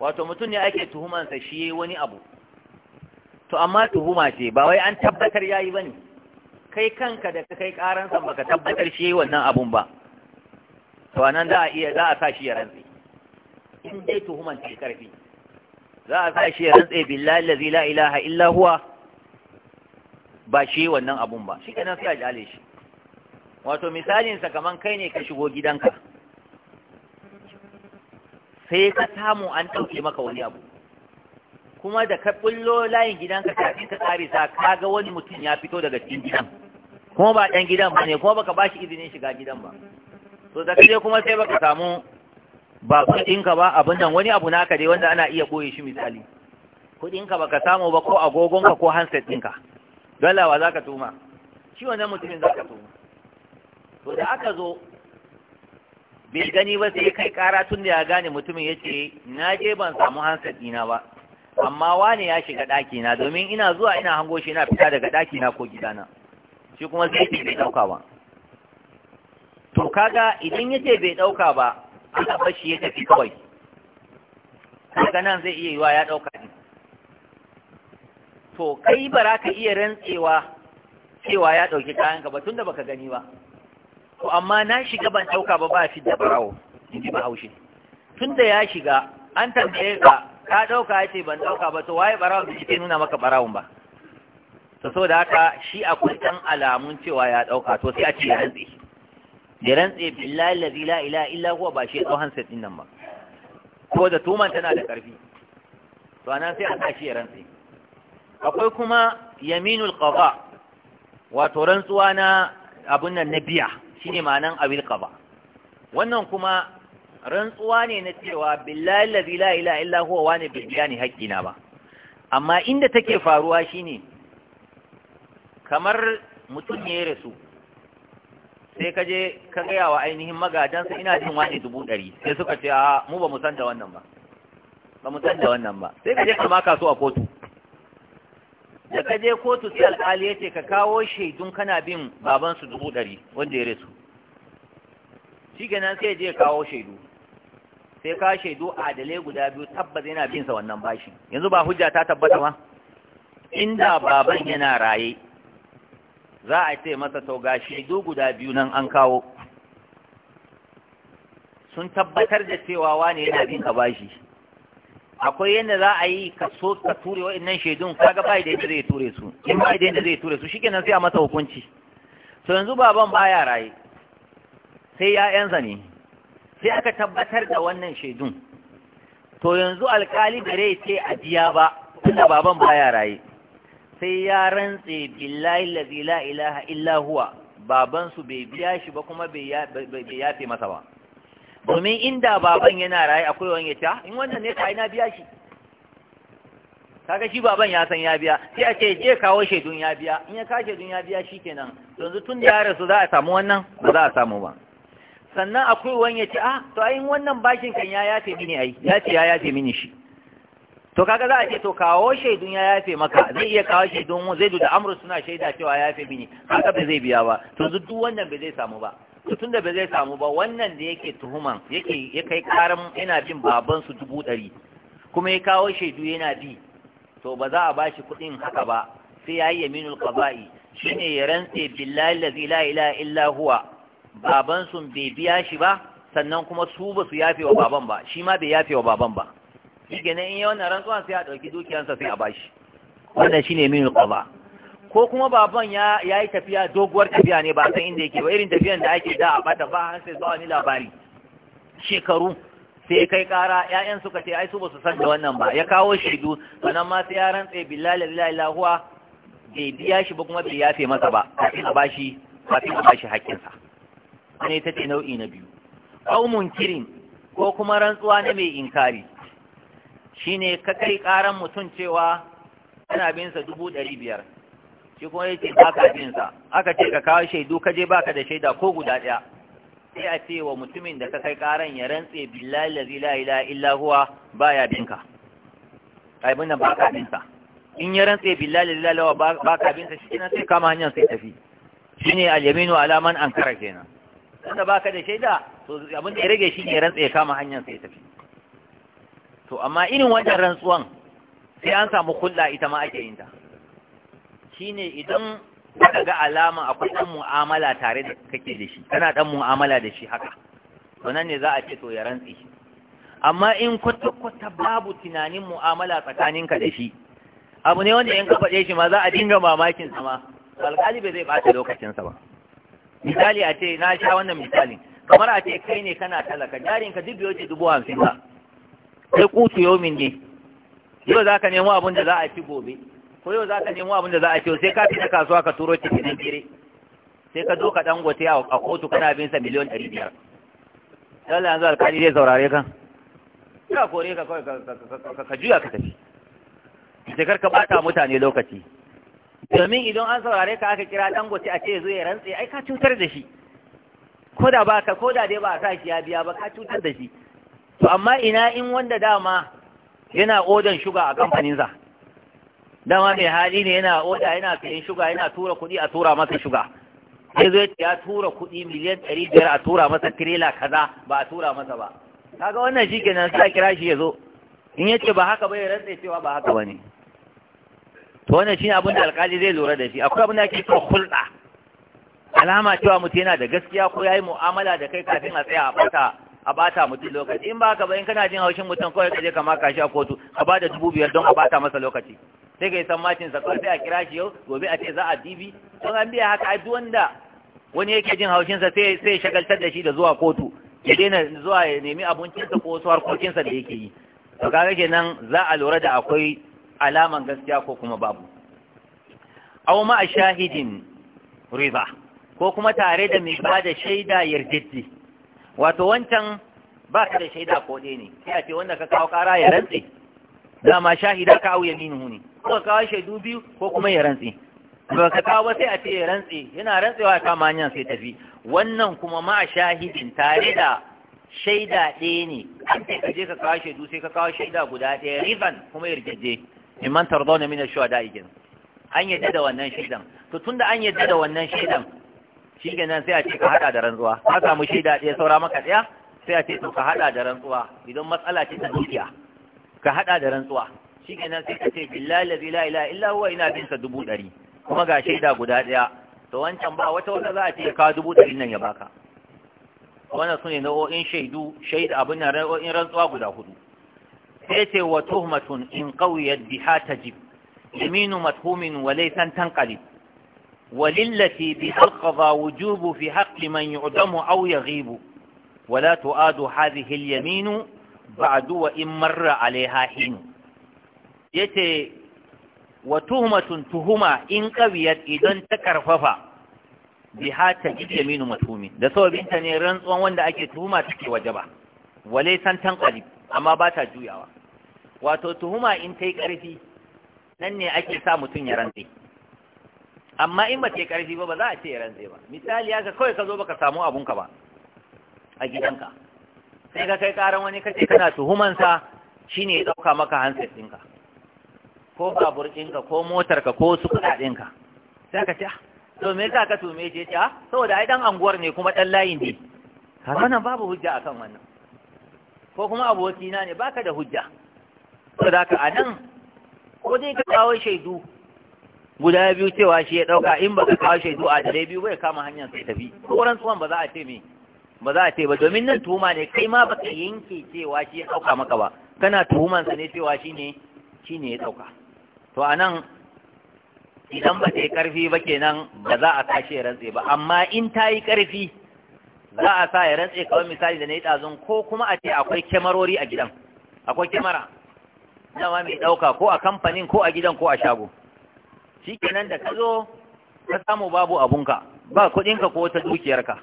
wato mutum ne ake tuhumansa shi yayi wani abu to amma tuhuma ce ba wai an tabbatar ya yi ba ne? kai kanka da kai karansa baka tabbatar shi yayi wannan abun ba to anan za a iya za a sa shi ya rantsi in dai tuhuman ce karfi za a sa shi ya rantsi billahi allazi la ilaha illa huwa ba shi wannan abun ba shi kenan sai a jale shi wato misalinsa kaman kai ne ka shigo gidanka sai ka samu an ɗauke maka wani abu kuma da ka bullo layin gidanka kafin ka tsare sa ka ga wani mutum ya fito daga cikin gidan kuma ba ɗan gidan ba ne kuma baka ba shi izinin shiga gidan ba to da kaje kuma sai baka samu ba kuɗinka ba abin nan wani abu naka dai wanda ana iya koye shi misali kuɗinka baka samu ba ko agogonka ko handset ɗinka dalawa za ka tuma shi wannan mutumin za ka tuma to da aka zo bai gani ba sai kai kara tun da ya gane mutumin ya ce na je ban samu hansa dina ba amma wane ya shiga ɗakina domin ina zuwa ina hango shi ina fita daga ɗakina ko gidana shi kuma sai ce bai ɗauka ba to kaga idan ya ce bai ɗauka ba aka bar shi ya tafi kawai kaga nan zai iya yiwa ya ɗauka ne to kai ba za ka iya rantsewa cewa ya ɗauki kayanka ba tun da baka gani ba to amma na shiga ban ɗauka ba ba fi da barawo in ji haushi tun da ya shiga an tambaye ka ka ɗauka yace ban ɗauka ba to waye barawon da ke nuna maka barawon ba to saboda haka shi akwai dan alamun cewa ya ɗauka to sai a ce ya rantse ya rantsi billahi lazi la ilaha illa huwa ba shi ya sai dinnan ba ko da tuman tana da ƙarfi to anan sai a tashi shi ya rantsi. akwai kuma yaminul qada wato rantsuwa na abun nan na biya shine manan abin qada wannan kuma rantsuwa ne na cewa billahi allazi la ilaha illa huwa wa ne bidiyani na ba amma inda take faruwa shine kamar mutum ya rasu sai ka je ka gaya wa ainihin magadansa ina jin wani dubu ɗari sai suka ce a mu ba mu san da wannan ba ba mu san da wannan ba sai ka je ka maka su a kotu da ka je kotu sai alƙali ya ce ka kawo shaidun kana bin babansu dubu ɗari wanda ya rasu shi kenan sai je kawo shaidu sai ka shaidu adalai guda biyu tabbas yana bin sa wannan bashin yanzu ba hujja ta tabbata ba inda baban yana raye za a ce masa to ga shaidu guda biyu nan an kawo sun tabbatar da cewa wane yana bin ka bashi akwai yadda za a yi ka so ka ture wa'annan shaidun kaga bai da yadda zai ture su in bai da yadda zai ture su shikenan sai a masa hukunci to yanzu baban baya raye sai ya'yansa ne sai aka tabbatar da wannan shaidun to yanzu alkali rai ce a biya ba tunda baban baya raye sai ya rantse billahi lazi la ilaha illa huwa baban su bai biya shi ba kuma bai yafe masa ba domin inda baban yana raye akwai wani ta ah, in wannan ne kai na biya shi kaga shi baban ya san ya biya sai a ce je kawo shaidun ya biya in ya kawo shaidun ya biya shikenan yanzu tun da ya rasu za a samu wannan ba za a samu ba sannan akwai wani ya ce ah to ayin wannan bashin kan ya yafe mini ai ya ce ya yafe mini shi to kaga za a ce to kawo shaidun ya yafe maka zai iya kawo shaidun zai duda amru suna shaida cewa ya yafe mini haka ba zai biya ba to duk wannan ba zai samu ba to tunda ba zai samu ba wannan da yake tuhuman yake ya kai karan yana bin baban su dubu ɗari kuma ya kawo shaidu yana bi to ba za a ba shi kuɗin haka ba sai ya yi yaminul qaba'i shine ya rantse billahi allazi la ilaha illa huwa baban sun bai biya shi ba sannan kuma su ba su yafe wa baban ba shi ma bai yafe wa baban ba shi in yi wannan rantsuwa sai a ɗauki dukiyansa sai a ba shi. wannan shine yaminul qaba ko kuma baban ya yi tafiya doguwar tafiya ne ba san inda yake ba irin tafiyan da ake da a bata ba har sai zuwa ni labari shekaru sai kai kara 'ya'yan suka ce ai su basu san da wannan ba ya kawo shaidu sannan ma sai ya rantse billahi la huwa biya shi ba kuma bai yafe masa ba kafin a bashi kafin a bashi haƙƙinsa ne ta ce nau'i na biyu qaumun kirin ko kuma rantsuwa na mai inkari shine ka kai karan mutum cewa ana bin sa dubu ɗari biyar shi kuma ya ce ka jinsa sa aka ce ka kawo shaidu ka je baka da shaida ko guda ɗaya? sai a ce wa mutumin da ka kai karan ya rantse billahi allazi la ilaha illa huwa baya binka ai bin nan baka bin sa in ya rantse billahi la ilaha baka bin sa shi kenan sai kama hanyar sai tafi shine al-yaminu ala man ankara kenan da baka da shaida to abin da ya rage shi ne rantse ya kama hanyar sai tafi to amma irin wannan rantsuwan sai an samu kulla ita ma ake yin ta shine idan ka ga alama akwai ɗan mu'amala tare da kake da shi kana ɗan mu'amala da shi haka to nan ne za a ce to ya rantsi amma in kwata-kwata babu tunanin mu'amala tsakaninka da shi abu ne wanda in ka faɗe shi ma za a dinga mamakin sama alƙali bai zai ɓata lokacinsa ba misali a ce na sha wannan misalin kamar a ce kai ne kana talaka jarin ka biyo ce dubu hamsin ba sai kutu yau min ne yau za ka nemo abin da za a ci gobe ko yau za ka nemo abin da za a ce sai ka fita kasuwa ka turo cikin nan gire sai ka zo ka dangote a kotu kana bin sa miliyon ɗari biyar lallai yanzu alkali zai saurare kan ka kore ka kawai ka juya ka tafi sai kar ka bata mutane lokaci domin idan an saurare ka aka kira dangote a ce zo ya rantse ai ka cutar da shi ko da ba ka ko da dai ba sa shi ya biya ba ka cutar da shi to amma ina in wanda dama yana odan shuga a kamfaninsa dama mai hali ne yana oda yana sayan shuga yana tura kuɗi a tura masa shuga sai zo ya tura kuɗi miliyan ɗari biyar a tura masa tirela kaza ba a tura masa ba kaga wannan shi kenan sai a kira shi ya zo in ya ce ba haka ba ya rantsa cewa ba haka ba ne to wannan shi abin da alkali zai lura da shi akwai abin da ake kira hulɗa alama cewa mutum yana da gaskiya ko ya yi mu'amala da kai kafin a tsaya a bata a bata mutum lokaci in ba haka ba in kana jin haushin mutum kawai ka je ka maka shi a kotu ka ba da dubu biyar don a bata masa lokaci sai ka yi sammacin sa kawai sai a kira shi yau gobe a ce za a bibi. don an biya haka ai wanda wani yake jin haushinsa sai sai shagaltar da shi da zuwa kotu ya daina zuwa ya nemi abincinsa ko wasu harkokinsa da yake yi to kaga kenan za a lura da akwai alaman gaskiya ko kuma babu aw ma shahidin riba ko kuma tare da mai ba da shaida yardiddi wato wancan ba ka da shaida ko ɗaya ne sai a ce wanda ka kawo kara ya rantse dama shahida ka au yaminuhu ne ko kawo shaidu biyu ko kuma ya rantsi ba ka kawo ba sai a ce ya rantsi yana rantsewa ta manyan sai tafi wannan kuma ma shahidin tare da shaida ɗaya ne an ce ka je ka kawo shaidu sai ka kawo shaida guda ɗaya rizan kuma yarjeje rigaje in man tarzo na mina shuwa da igin an yadda da wannan shaidan to tunda an yadda da wannan shaidan shi nan sai a ce ka haɗa da rantsuwa ka samu shaida ɗaya saura maka ɗaya sai a ce to ka haɗa da rantsuwa idan matsala ce ta dukiya ka hada da rantsuwa shikenan sai ka ce billahi allazi la ilaha illa huwa ina bin sa dubu dari kuma ga shaida guda daya to wancan ba wata wata za a ce ka dubu dari nan ya baka wannan sune nau'o'in shaidu shaida abin nan nau'o'in rantsuwa guda hudu sai ce wa tuhmatun in qawiyat biha tajib yaminu mathumin wa laysan tanqalib وللتي بها القضى وجوب في حق من يعدم أو يغيب ولا تؤاد هذه اليمين ba'du wa in marra alaiha hin yace wa tuhmatun tuhuma in qawiyat idan ta karfafa biha ta yaminu matumi da sababin ta ne rantsuwan wanda ake tuhuma take wajaba wale san tan qalib amma ba ta juyawa wato tuhuma in tai karfi nan ne ake sa mutun ya rantsi amma in ba ta karfi ba ba za a ce ya rantsi ba misali haka kawai ka zo baka samu abunka ba a gidanka sai ka kai karan wani kace kana tuhumansa shine ya dauka maka handset dinka ko babur dinka ko motarka ko su dinka sai ka ce ah, to me yasa ka tume ce ta ah, saboda ai dan anguwar ne kuma dan layin ne kaga nan babu hujja akan wannan ko kuma abokina ne baka da hujja saboda ka anan ko dai ka kawo shaidu guda biyu cewa shi ya dauka in baka kawo shaidu a dare biyu bai kama hanyar sai tafi ko ran tsuwan ba za a ce me ba za a ce ba domin nan tuhuma ne kai ma baka yanke cewa shi ya ɗauka maka ba kana tuhumansa ne cewa shi ne shi ya ɗauka to a nan idan ba ta yi ƙarfi ba kenan ba za a tashi ya rantse ba amma in ta yi ƙarfi za a sa ya rantse kawai misali da na yi ɗazun ko kuma a ce akwai kyamarori a gidan akwai kyamara dama mai ɗauka ko a kamfanin ko a gidan ko a shago shi kenan da ka zo ka samu babu abunka ba kuɗinka ko ta dukiyarka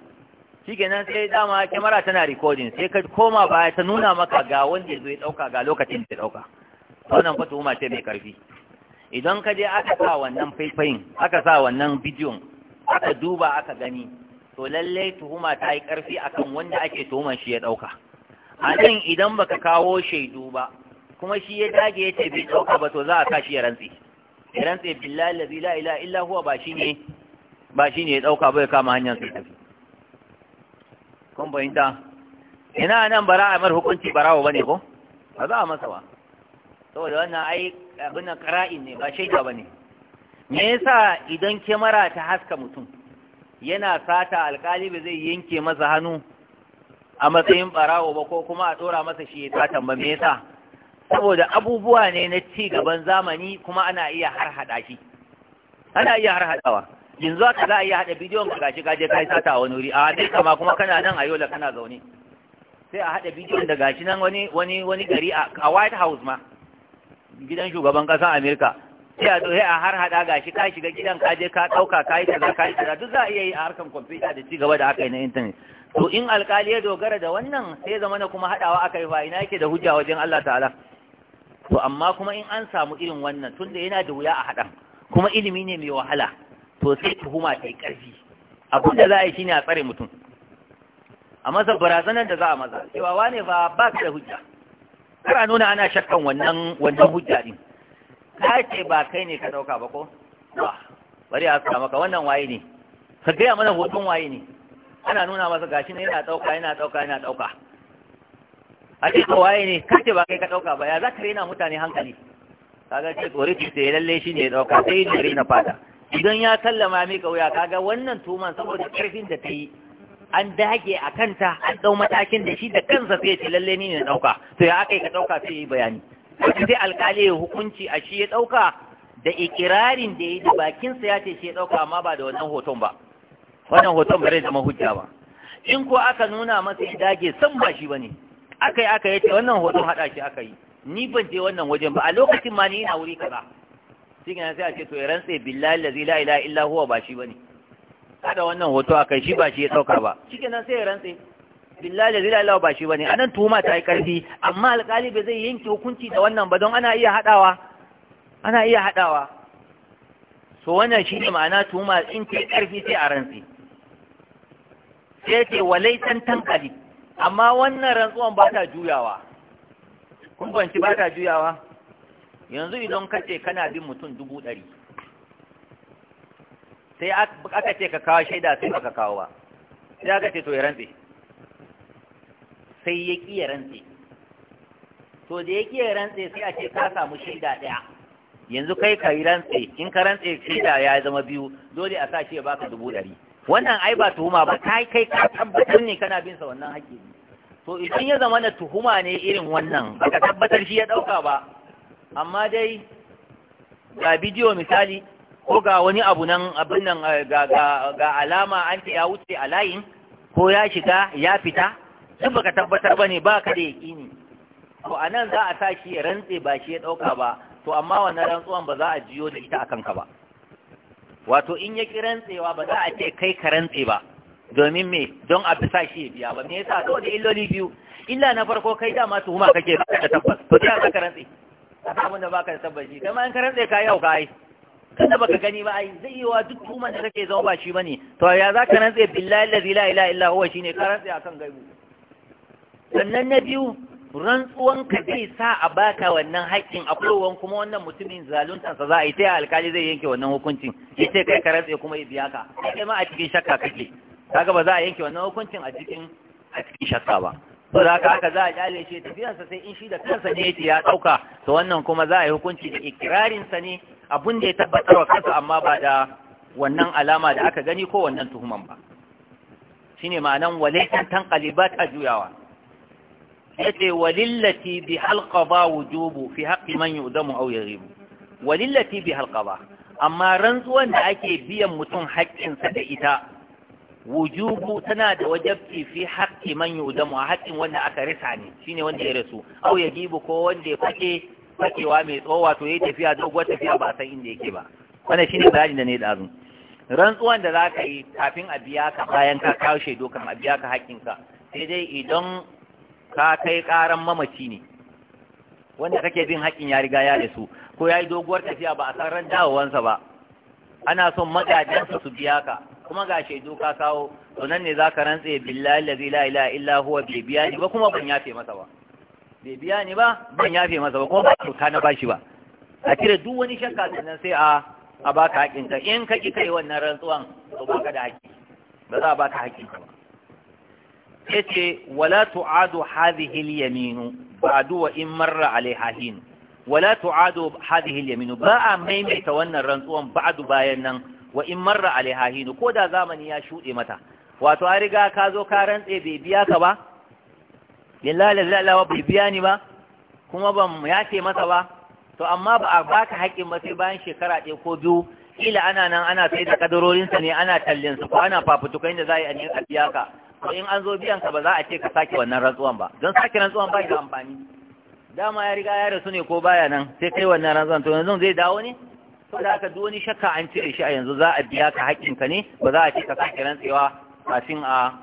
nan sai dama kyamara tana recording sai ka koma baya ta nuna maka ga wanda ya zo ya dauka ga lokacin da ya dauka wannan fa tuhuma ce mai karfi idan ka je aka sa wannan faifayin aka sa wannan bidiyon aka duba aka gani to lallai tuhuma ta yi karfi akan wanda ake tuhuman shi ya dauka a nan idan baka kawo shaidu ba kuma shi ya dage ya ce bai dauka ba to za a kashi ya rantse ya rantse billahi la ilaha illa huwa ba shine ba ya dauka ba ya kama hanyar sai tafi kun bayinta ina nan bara a mar hukunci barawo bane ko ba za a masa ba saboda wannan ai abin nan qara'in ne ba shaida bane me yasa idan kyamara ta haska mutum yana sata alkali ba zai yanke masa hannu a matsayin barawo ba ko kuma a dora masa shi ya satan ba me yasa saboda abubuwa ne na ci gaban zamani kuma ana iya harhaɗa shi ana iya harhaɗawa yanzu aka za a iya haɗa bidiyon ka gashi kaje kai sata a wani wuri a haɗe kama kuma kana nan a yola kana zaune sai a haɗa bidiyon da gashi nan wani wani wani gari a White House ma gidan shugaban ƙasar Amerika sai a dohe a har haɗa gashi ka shiga gidan ka je ka ɗauka ka yi kaza ka yi kaza duk za a iya yi a harkan kwamfuta da ci gaba da aka yi na intanet to in alƙali ya dogara da wannan sai zama na kuma haɗawa aka yi fa ina yake da hujja wajen Allah ta'ala to amma kuma in an samu irin wannan tunda yana da wuya a haɗa, kuma ilimi ne mai wahala to sai tuhuma ta yi ƙarfi abin da za a yi shi ne a tsare mutum a masa barazanar da za a maza cewa wane ba ba ka da hujja kara nuna ana shakkan wannan wannan hujja din ka ce ba kai ne ka dauka ba ko bari a saka maka wannan waye ne ka gaya mana hoton waye ne ana nuna masa gashi ne yana dauka yana dauka yana dauka a ce ka waye ne ka ce ba kai ka dauka ba ya za ka rena mutane hankali kaga ce tsori ce lalle shi ne ya dauka sai ya rena fata idan ya sallama mai kauya kaga wannan tuman saboda karfin da ta yi an dage a kanta an dau matakin da shi da kansa sai ce lalle ni ne dauka to ya aka yi ka dauka sai yi bayani sai alkali ya hukunci a shi ya dauka da ikirarin da ya yi bakin sa ya ce shi ya dauka amma ba da wannan hoton ba wannan hoton ba zai zama hujja ba in ko aka nuna masa ya dage san ba shi bane aka aka yace wannan hoton hada shi aka yi ni ban je wannan wajen ba a lokacin ma ni ina wuri kaza shi sai a ce to ya rantse billahi lazi la ilaha illa huwa ba shi bane kada wannan hoto akai shi ba shi ya sauka ba shikenan sai ya rantse billahi lazi la ilaha ba shi bane anan tuhuma ta yi karfi amma alƙali bai zai yanke hukunci da wannan ba don ana iya hadawa ana iya hadawa so wannan shi ne ma'ana tuhuma in ta karfi sai a rantse sai ce walaitan tankali amma wannan rantsuwan ba ta juyawa kun ba ta juyawa yanzu idan ka ce kana bin mutum dubu ɗari sai aka ce ka kawo shaida sai baka kawo ba sai aka ce to ya rantse sai ya ƙi ya rantse to da ya ƙi ya rantse sai a ce ka samu shaida ɗaya yanzu kai ka yi rantse in ka rantse shaida ya zama biyu dole a sa shi ya baka dubu ɗari wannan ai ba tuhuma ba yi kai ka tabbatar ne kana bin sa wannan haƙƙi to idan ya zama na tuhuma ne irin wannan ba ka tabbatar shi ya ɗauka ba amma dai ga bidiyo misali ko ga wani abu nan abin nan eh, ga alama an ya wuce a layin ko ya shiga ya fita duk baka tabbatar ba ne ba ka da ne to a nan za a sa shi ya rantse ba shi ya ɗauka ba to amma wannan rantsuwan ba za a jiyo da ita a kanka ba wato in ya ƙi rantsewa ba za a ce kai ka rantse ba domin me don a fi sa shi ya biya ba me yasa da illoli biyu illa na farko kai dama tuhuma kake ka tabbas to ta ka rantse ka abin da baka da tabbaci kai ma in ka rantse ka yau ka ai kada baka gani ba ai zai yi wa duk tuman da kake zama ba shi bane to ya za ka rantsa billahi la ilaha illa huwa shine ka rantsa akan gaibu sannan na biyu rantsuwan ka zai sa a baka wannan haƙƙin a kowan kuma wannan mutumin zaluntansa za a yi sai alkali zai yanke wannan hukuncin ya ce kai ka rantse kuma ya biya ka kai ma a cikin shakka kake kaga ba za a yanke wannan hukuncin a cikin a cikin shakka ba to haka haka za a kyale shi tafiyarsa sai in shi da kansa ne yake ya ɗauka to wannan kuma za a yi hukunci da ikirarinsa ne abun da ya tabbatar wa kansa amma ba da wannan alama da aka gani ko wannan tuhuman ba Shi ne ma'anan tan kalibat a juyawa Ya ce walillati bi Halkaba wujubu fi haƙi man yudamu aw ribu walillati bi Halkaba. amma rantsuwan da ake biyan mutum haƙƙinsa da ita wujubu tana da wajabci fi haƙƙi man yudamu a haƙƙin wanda aka risa ne shine wanda ya rasu au ya gibu ko wanda ya fake fakewa mai tsawo wato yayi tafiya doguwar tafiya ba san inda yake ba wannan shine bayani da ne da azu rantsuwan da zaka yi kafin a biya ka bayan ka kawo shaidu kan a biya ka haƙƙinka sai dai idan ka kai ƙaran mamaci ne wanda kake bin haƙƙin ya riga ya rasu ko yayi doguwar tafiya ba a san ran dawowansa ba ana son magajansa su biya ka kuma ga shaidu ka kawo to nan ne za ka rantse billahi lazi la ilaha illa huwa bai biya ni ba kuma ban yafe masa ba bai biya ni ba ban yafe masa ba kuma ba su ta na bashi ba a cire duk wani shakka sannan sai a a baka haƙin ka in ka ƙi kai wannan rantsuwan to baka da haƙi ba za a baka haƙin ka ba sai ce wala tu'adu hadhihi al-yaminu ba'du wa in marra alaiha hin wala tu'adu hadhihi al-yaminu ba a maimaita wannan rantsuwan ba'du bayan nan wa in marra alaiha hinu ko da zamani ya shuɗe mata wato an riga ka zo ka rantse bai biya ka ba lillahi lillahi bai biya ni ba kuma ban yace masa ba to amma ba a baka haƙƙin ba sai bayan shekara ɗaya ko biyu kila ana nan ana sai da sa ne ana sa ko ana fafutukan da za a yi a biya ka to in an zo biyan ka ba za a ce ka sake wannan rantsuwan ba don sake rantsuwan ba da amfani dama ya riga ya rasu ne ko baya nan sai kai wannan rantsuwan to yanzu zai dawo ne ko da aka duwani shakka an cire shi a yanzu za a biya ka haƙinka ne ba za a ce ka sake rantsewa kafin a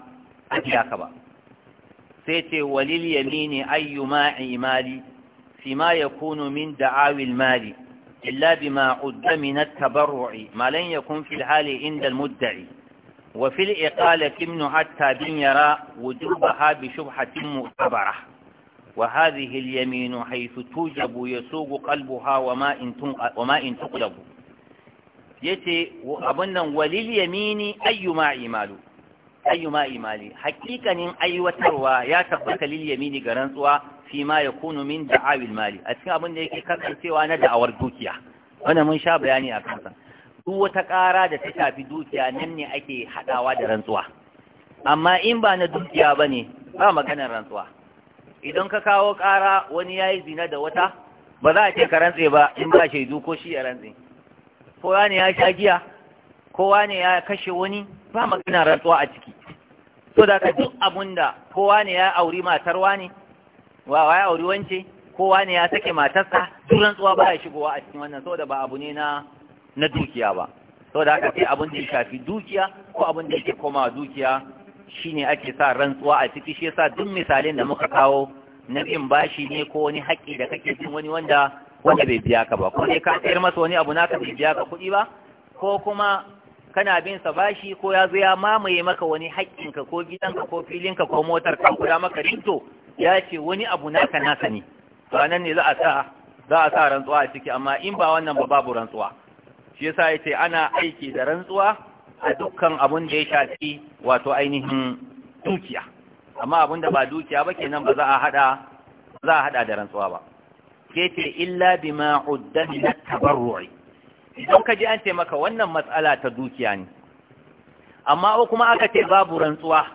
biya ka ba sai ce walil yamini ayyu ma'i imali fi ma yakunu min da'awi almali illa bima udda min at-tabarru'i ma yakun fi hali inda al-mudda'i wa fi al-iqalati min bin yara wujubaha bi shubhatin mu'tabarah وهذه اليمين حيث توجب يسوق قلبها وما إن تقلب yace abin nan walil yamini ayyuma imalu ayyuma imali hakikanin aiwatarwa ya tabbata lil ga rantsuwa fi ma yakunu min da'awil mali a cikin abin da yake kasancewa na da'awar dukiya wannan mun sha bayani a kansa duk wata ƙara da ta shafi dukiya nan ne ake haɗawa da rantsuwa amma in ba na dukiya bane ba maganar rantsuwa idan ka kawo ƙara wani ya yi zina da wata ba za a ce ka rantse ba in ba shaidu ko shi ya rantse kowa ne ya sha giya kowa ne ya kashe wani ba magana rantsuwa a ciki so da ka duk abun da kowa ne ya auri matar wani wa ya auri wance kowa ne ya sake matarsa duk rantsuwa ba ya shigowa a cikin wannan saboda ba abu ne na na dukiya ba saboda haka sai abun da ya shafi dukiya ko abun da yake komawa dukiya ne ake sa rantsuwa a ciki shi yasa duk misalin da muka kawo na bin bashi ne ko wani haƙƙi da kake jin wani wanda wanda bai biya ka ba ko dai ka tsayar masa wani abu naka bai biya ka kuɗi ba ko kuma kana bin sa bashi ko ya zo ya mamaye maka wani haƙƙinka ko gidanka ko filinka ko motar ka kuda maka rinto ya ce wani abu naka naka ne to nan ne za a sa za a sa rantsuwa a ciki amma in ba wannan ba babu rantsuwa shi yasa ce ana aiki da rantsuwa a dukkan abin da ya shafi wato ainihin dukiya amma abun da ba dukiya ba nan ba za a hada za a hada da rantsuwa ba Ke ce illa bima udda min tabarru'i idan ka ji an ce maka wannan matsala ta dukiya ne amma kuma aka ce babu rantsuwa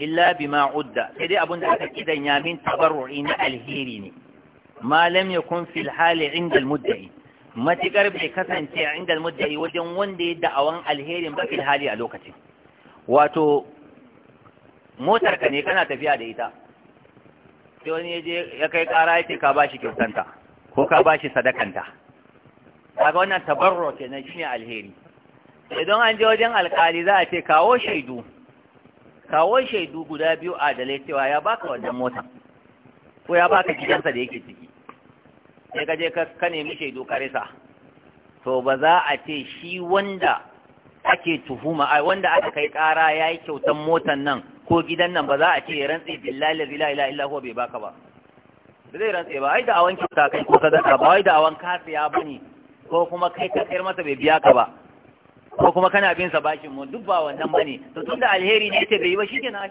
illa bi ma'udda sai dai abun da aka kidan ya min tabarru'i na alheri ne ma lam yakun fil hali inda al-mudda'i matikar bai kasance a inda muddai wajen wanda ya da'awan alherin ba fil hali a lokacin wato motar ka ne kana tafiya da ita sai wani yaje ya kai kara yake ka bashi kyautanta ko ka bashi sadakanta kaga wannan tabarro kenan shine alheri idan an je wajen alkali za a ce kawo shaidu kawo shaidu guda biyu adalai cewa ya baka wannan motar ko ya baka gidansa da yake ciki sai ka je ka nemi shaidu ka to ba za a ce shi wanda ake tuhuma ai wanda aka kai kara yayi kyautan motan nan ko gidan nan ba za a ce ya rantsi billahi la ilaha illa huwa bai baka ba zai rantsi ba ai da awan kyauta kai ko sadaka ba ai da awan kasiya bane ko kuma kai ka kai masa bai biya ka ba ko kuma kana bin sa bashin mu duk ba wannan bane to tunda alheri ne ce bai yi ba shikenan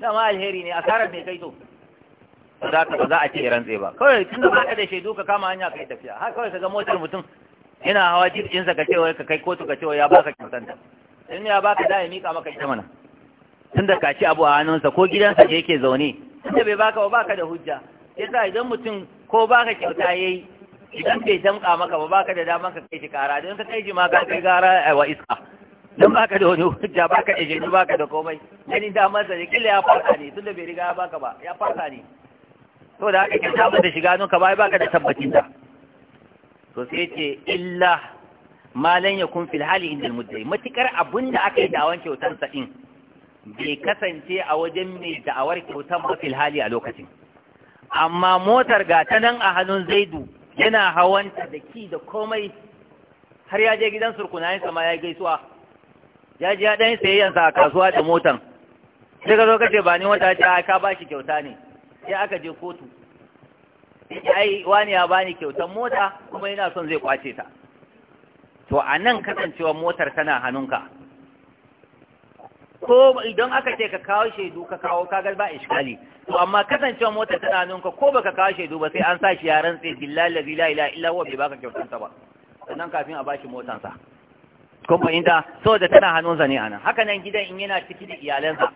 dama alheri ne asarar ne kai to ba za ka ba za a ce rantse ba kawai tun da ka da shaidu ka kama hanya kai tafiya har kawai ka ga motar mutum yana hawa jirgin sa ka ce wai ka kai kotu ka ce wai ya baka kyautan in ya baka da ya mika maka ita mana tun da ka ci abu a hannunsa ko gidansa je yake zaune tunda bai baka ba baka da hujja yasa idan mutum ko baka kyauta yayi idan bai damka maka ba baka da dama ka kai shi kara don ka kai shi ma ka kai gara eh, wa iska don baka da wani hujja baka da jini baka da komai gani damar sa ne kila ya farka ne tunda bai riga ya baka ba ya farka ne to da haka kyauta ba ta shiga nuka, ba baka da tabbacin ta to sai ce illa malan ya fil hali indal muddai matukar abunda aka yi da'awan kyautar sa din bai kasance a wajen mai da'awar kyautar ba fil hali a lokacin amma motar ga ta nan a hannun zaidu yana hawanta da ki da komai har ya je gidan surkunayen sama ya gaisuwa ya ji ya ɗan sayayyansa a kasuwa da motan sai ka zo ka ce ba ni wata ce ka ba shi kyauta ne sai aka je kotu ai wani ya bani kyautar mota kuma yana son zai kwace ta to a nan kasancewar motar tana hannunka ko idan aka ce ka kawo shaidu ka kawo kagar ba iskali to amma kasancewar motar tana hannunka ko baka kawo shaidu ba sai an sa shi yaran tsaye billahi la ilaha illa huwa bai baka kyautar ta ba sannan kafin a bashi motar sa kun fahimta saboda tana hannunsa ne anan haka nan gidan in yana ciki da iyalansa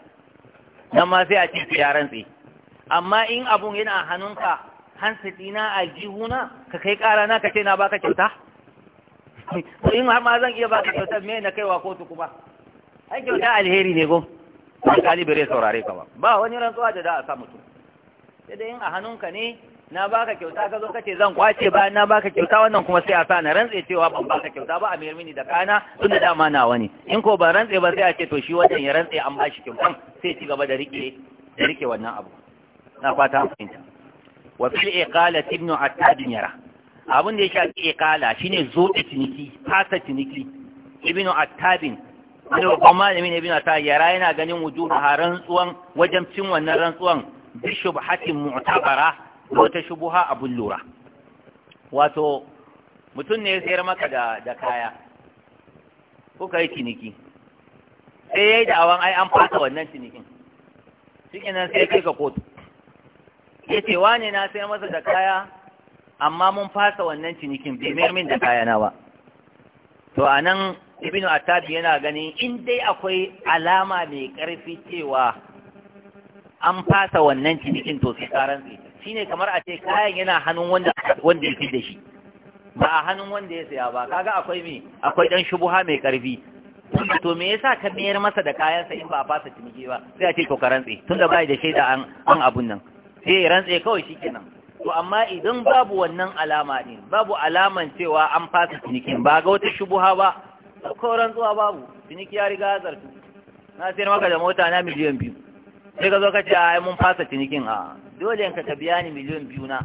nan ma sai a ce yaran tsaye amma in abun yana hannunka hansu dina a jihuna ka kai kara na ka ce na baka kyauta to in har ma zan iya baka kyauta me na kaiwa kotu kuma ai kyauta alheri ne gom alƙali bare saurare ka ba ba wani rantsuwa da za a sa mutum sai dai in a hannunka ne na baka kyauta ka zo ka ce zan kwace ba na baka kyauta wannan kuma sai a sa na rantse cewa ban baka kyauta ba a mayar mini da kana tun da dama na wani. in ko ban rantse ba sai a ce to shi wannan ya rantse an bashi kyautan sai ci gaba da rike da rike wannan abu na fata fahimta wa fil iqala ibn attab yara abun da yake iqala shine zobe ciniki fasa ciniki ibn attab ne babban ne ibn attab yara yana ganin wujuhu rantsuwan wajen cin wannan rantsuwan bi shubhatin mu'tabara wata shubuha abun lura wato mutum ne ya sayar maka da da kaya kuka yi ciniki sai yayi da awan ai an fasa wannan cinikin shi kenan sai kai ka kotu ya ce ne na sai masa da kaya amma mun fasa wannan cinikin bai min da kaya na ba to a nan ibnu atabi yana ganin in dai akwai alama mai ƙarfi cewa an fasa wannan cinikin to sai karan sai ne kamar a ce kayan yana hannun wanda ya fi da shi ba a hannun wanda ya saya ba kaga akwai me akwai dan shubuha mai ƙarfi to me yasa ka mayar masa da kayansa in ba a fasa ciniki ba sai a ce to karan tunda bai da shaida an abun nan sai rantse kawai shi kenan to amma idan babu wannan alama ne babu alaman cewa an fasa cinikin ba ga wata shubuha ba ko rantsuwa babu ciniki ya riga zartu na sayar maka da mota na miliyan biyu sai ka zo ka ce ai mun fasa cinikin a dole ka ka biya ni miliyan biyu na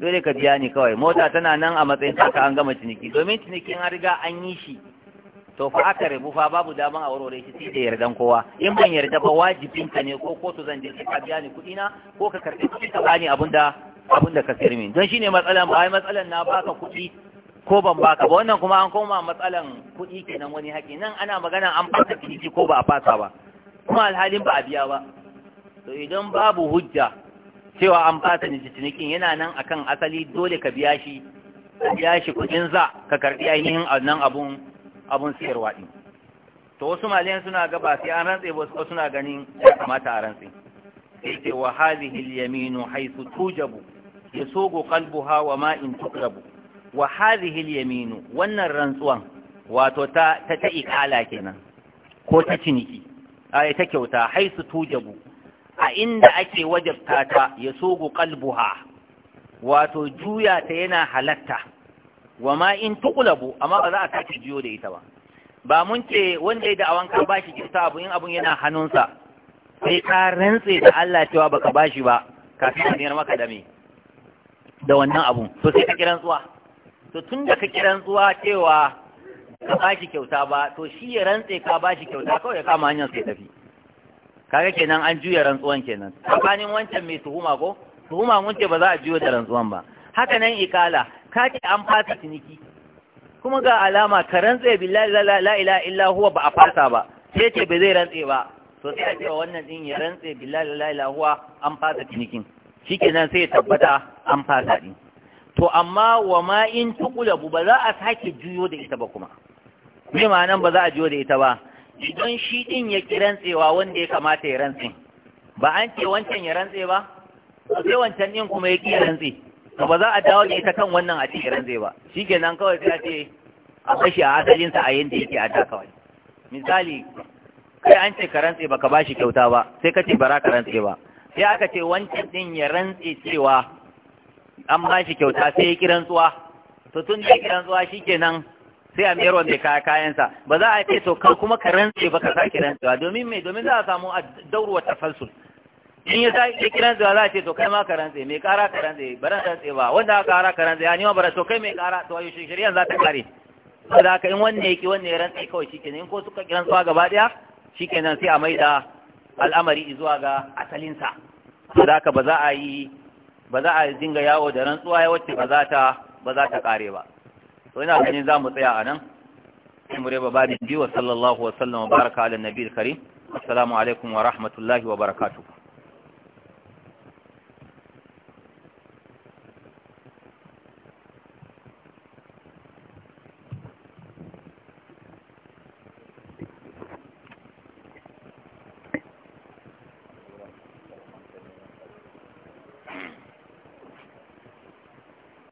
dole ka biya ni kawai mota tana nan a matsayin saka an gama ciniki domin cinikin an riga an yi shi to fa aka rabu fa babu dama a warware shi sai da yardan kowa in ban yarda ba wajibin ka ne ko kotu zan je ki biya ni kuɗi na ko ka karɓi kudi ka bani abinda abinda ka sayar min don shine matsalan ba ai matsalan na baka kuɗi ko ban baka ba wannan kuma an koma matsalan kuɗi kenan wani haƙi nan ana magana an fasa kiji ko ba a fasa ba kuma alhalin ba a biya ba to idan babu hujja cewa an fasa cinikin yana nan akan asali dole ka biya shi ka biya shi kuɗin za ka karbi ainihin nan abun abun sayarwa din to wasu maliyan suna ga ba sai an rantse ba wasu suna ganin ya kamata a rantsi. sai ce wa hadhihi al-yaminu haythu tujabu yasugu qalbuha wa ma in tuqrabu wa hadhihi al-yaminu wannan rantsuwan wato ta ta ikala kenan ko ta ciniki ai ta kyauta haisu tujabu a inda ake wajabta ta ya sogo kalbuha wato juya ta yana halatta wa ma in tuqlabu amma ba za a tashi jiyo da ita ba ba mun ce wanda ya awan ka bashi kyauta abu in abun yana hannunsa sai ka rantse da Allah cewa baka bashi ba kafin a niyar maka da me da wannan abun to sai ka kiran tsuwa to tun da ka kiran tsuwa cewa ka bashi kyauta ba to shi ya rantse ka bashi kyauta kawai ya kama hanyar sai tafi kaga kenan an juya rantsuwan kenan tsakanin wancan mai tuhuma ko tuhuma mun ce ba za a juyo da rantsuwan ba haka nan ikala ka ce an fasa ciniki kuma ga alama ka rantse billahi la ilaha illa huwa ba a fasa ba sai ce ba zai rantse ba to sai a cewa wannan din ya rantse billahi la ilaha huwa an fasa cinikin shikenan sai ya tabbata an fasa din to amma wa ma in bu ba za a sake juyo da ita ba kuma me ma'anan ba za a juyo da ita ba idan shi din ya kirantsewa wanda ya kamata ya rantse ba an ce wancan ya rantse ba sai wancan din kuma ya ki rantse to ba za a dawo da ita kan wannan a cikin zai ba shikenan kawai sai a ce a bashi a asalin sa a yanda yake a da kawai misali kai an ce ka rantse baka bashi kyauta ba sai ka ce bara ka rantse ba sai aka ce wancan din ya rantse cewa an bashi kyauta sai ya kiran tsuwa to tun da kiran tsuwa shikenan sai a mayarwa mai kaya kayansa ba za a ce to kan kuma ka rantse ba ka sake rantsewa domin me domin za a samu a daurwa tafalsul in ya sa ya kiran zai za a ce to kai ma karan zai mai kara karan zai baran san tsaye ba wanda aka kara karan zai ya nima bara to kai mai kara to ayyushin shari'a za ta kare saboda haka in wanne yake wanne ya rantsa kawai shikenan in ko suka kiran zuwa gaba daya nan sai a maida al'amari zuwa ga asalinsa saboda aka ba za a yi ba za a dinga yawo da rantsuwa ya wacce ba za ta ba za ta kare ba to ina ganin za mu tsaya a nan mu reba babin biyu wa sallallahu wa sallam wa baraka ala nabiyil karim assalamu alaikum wa rahmatullahi wa barakatuh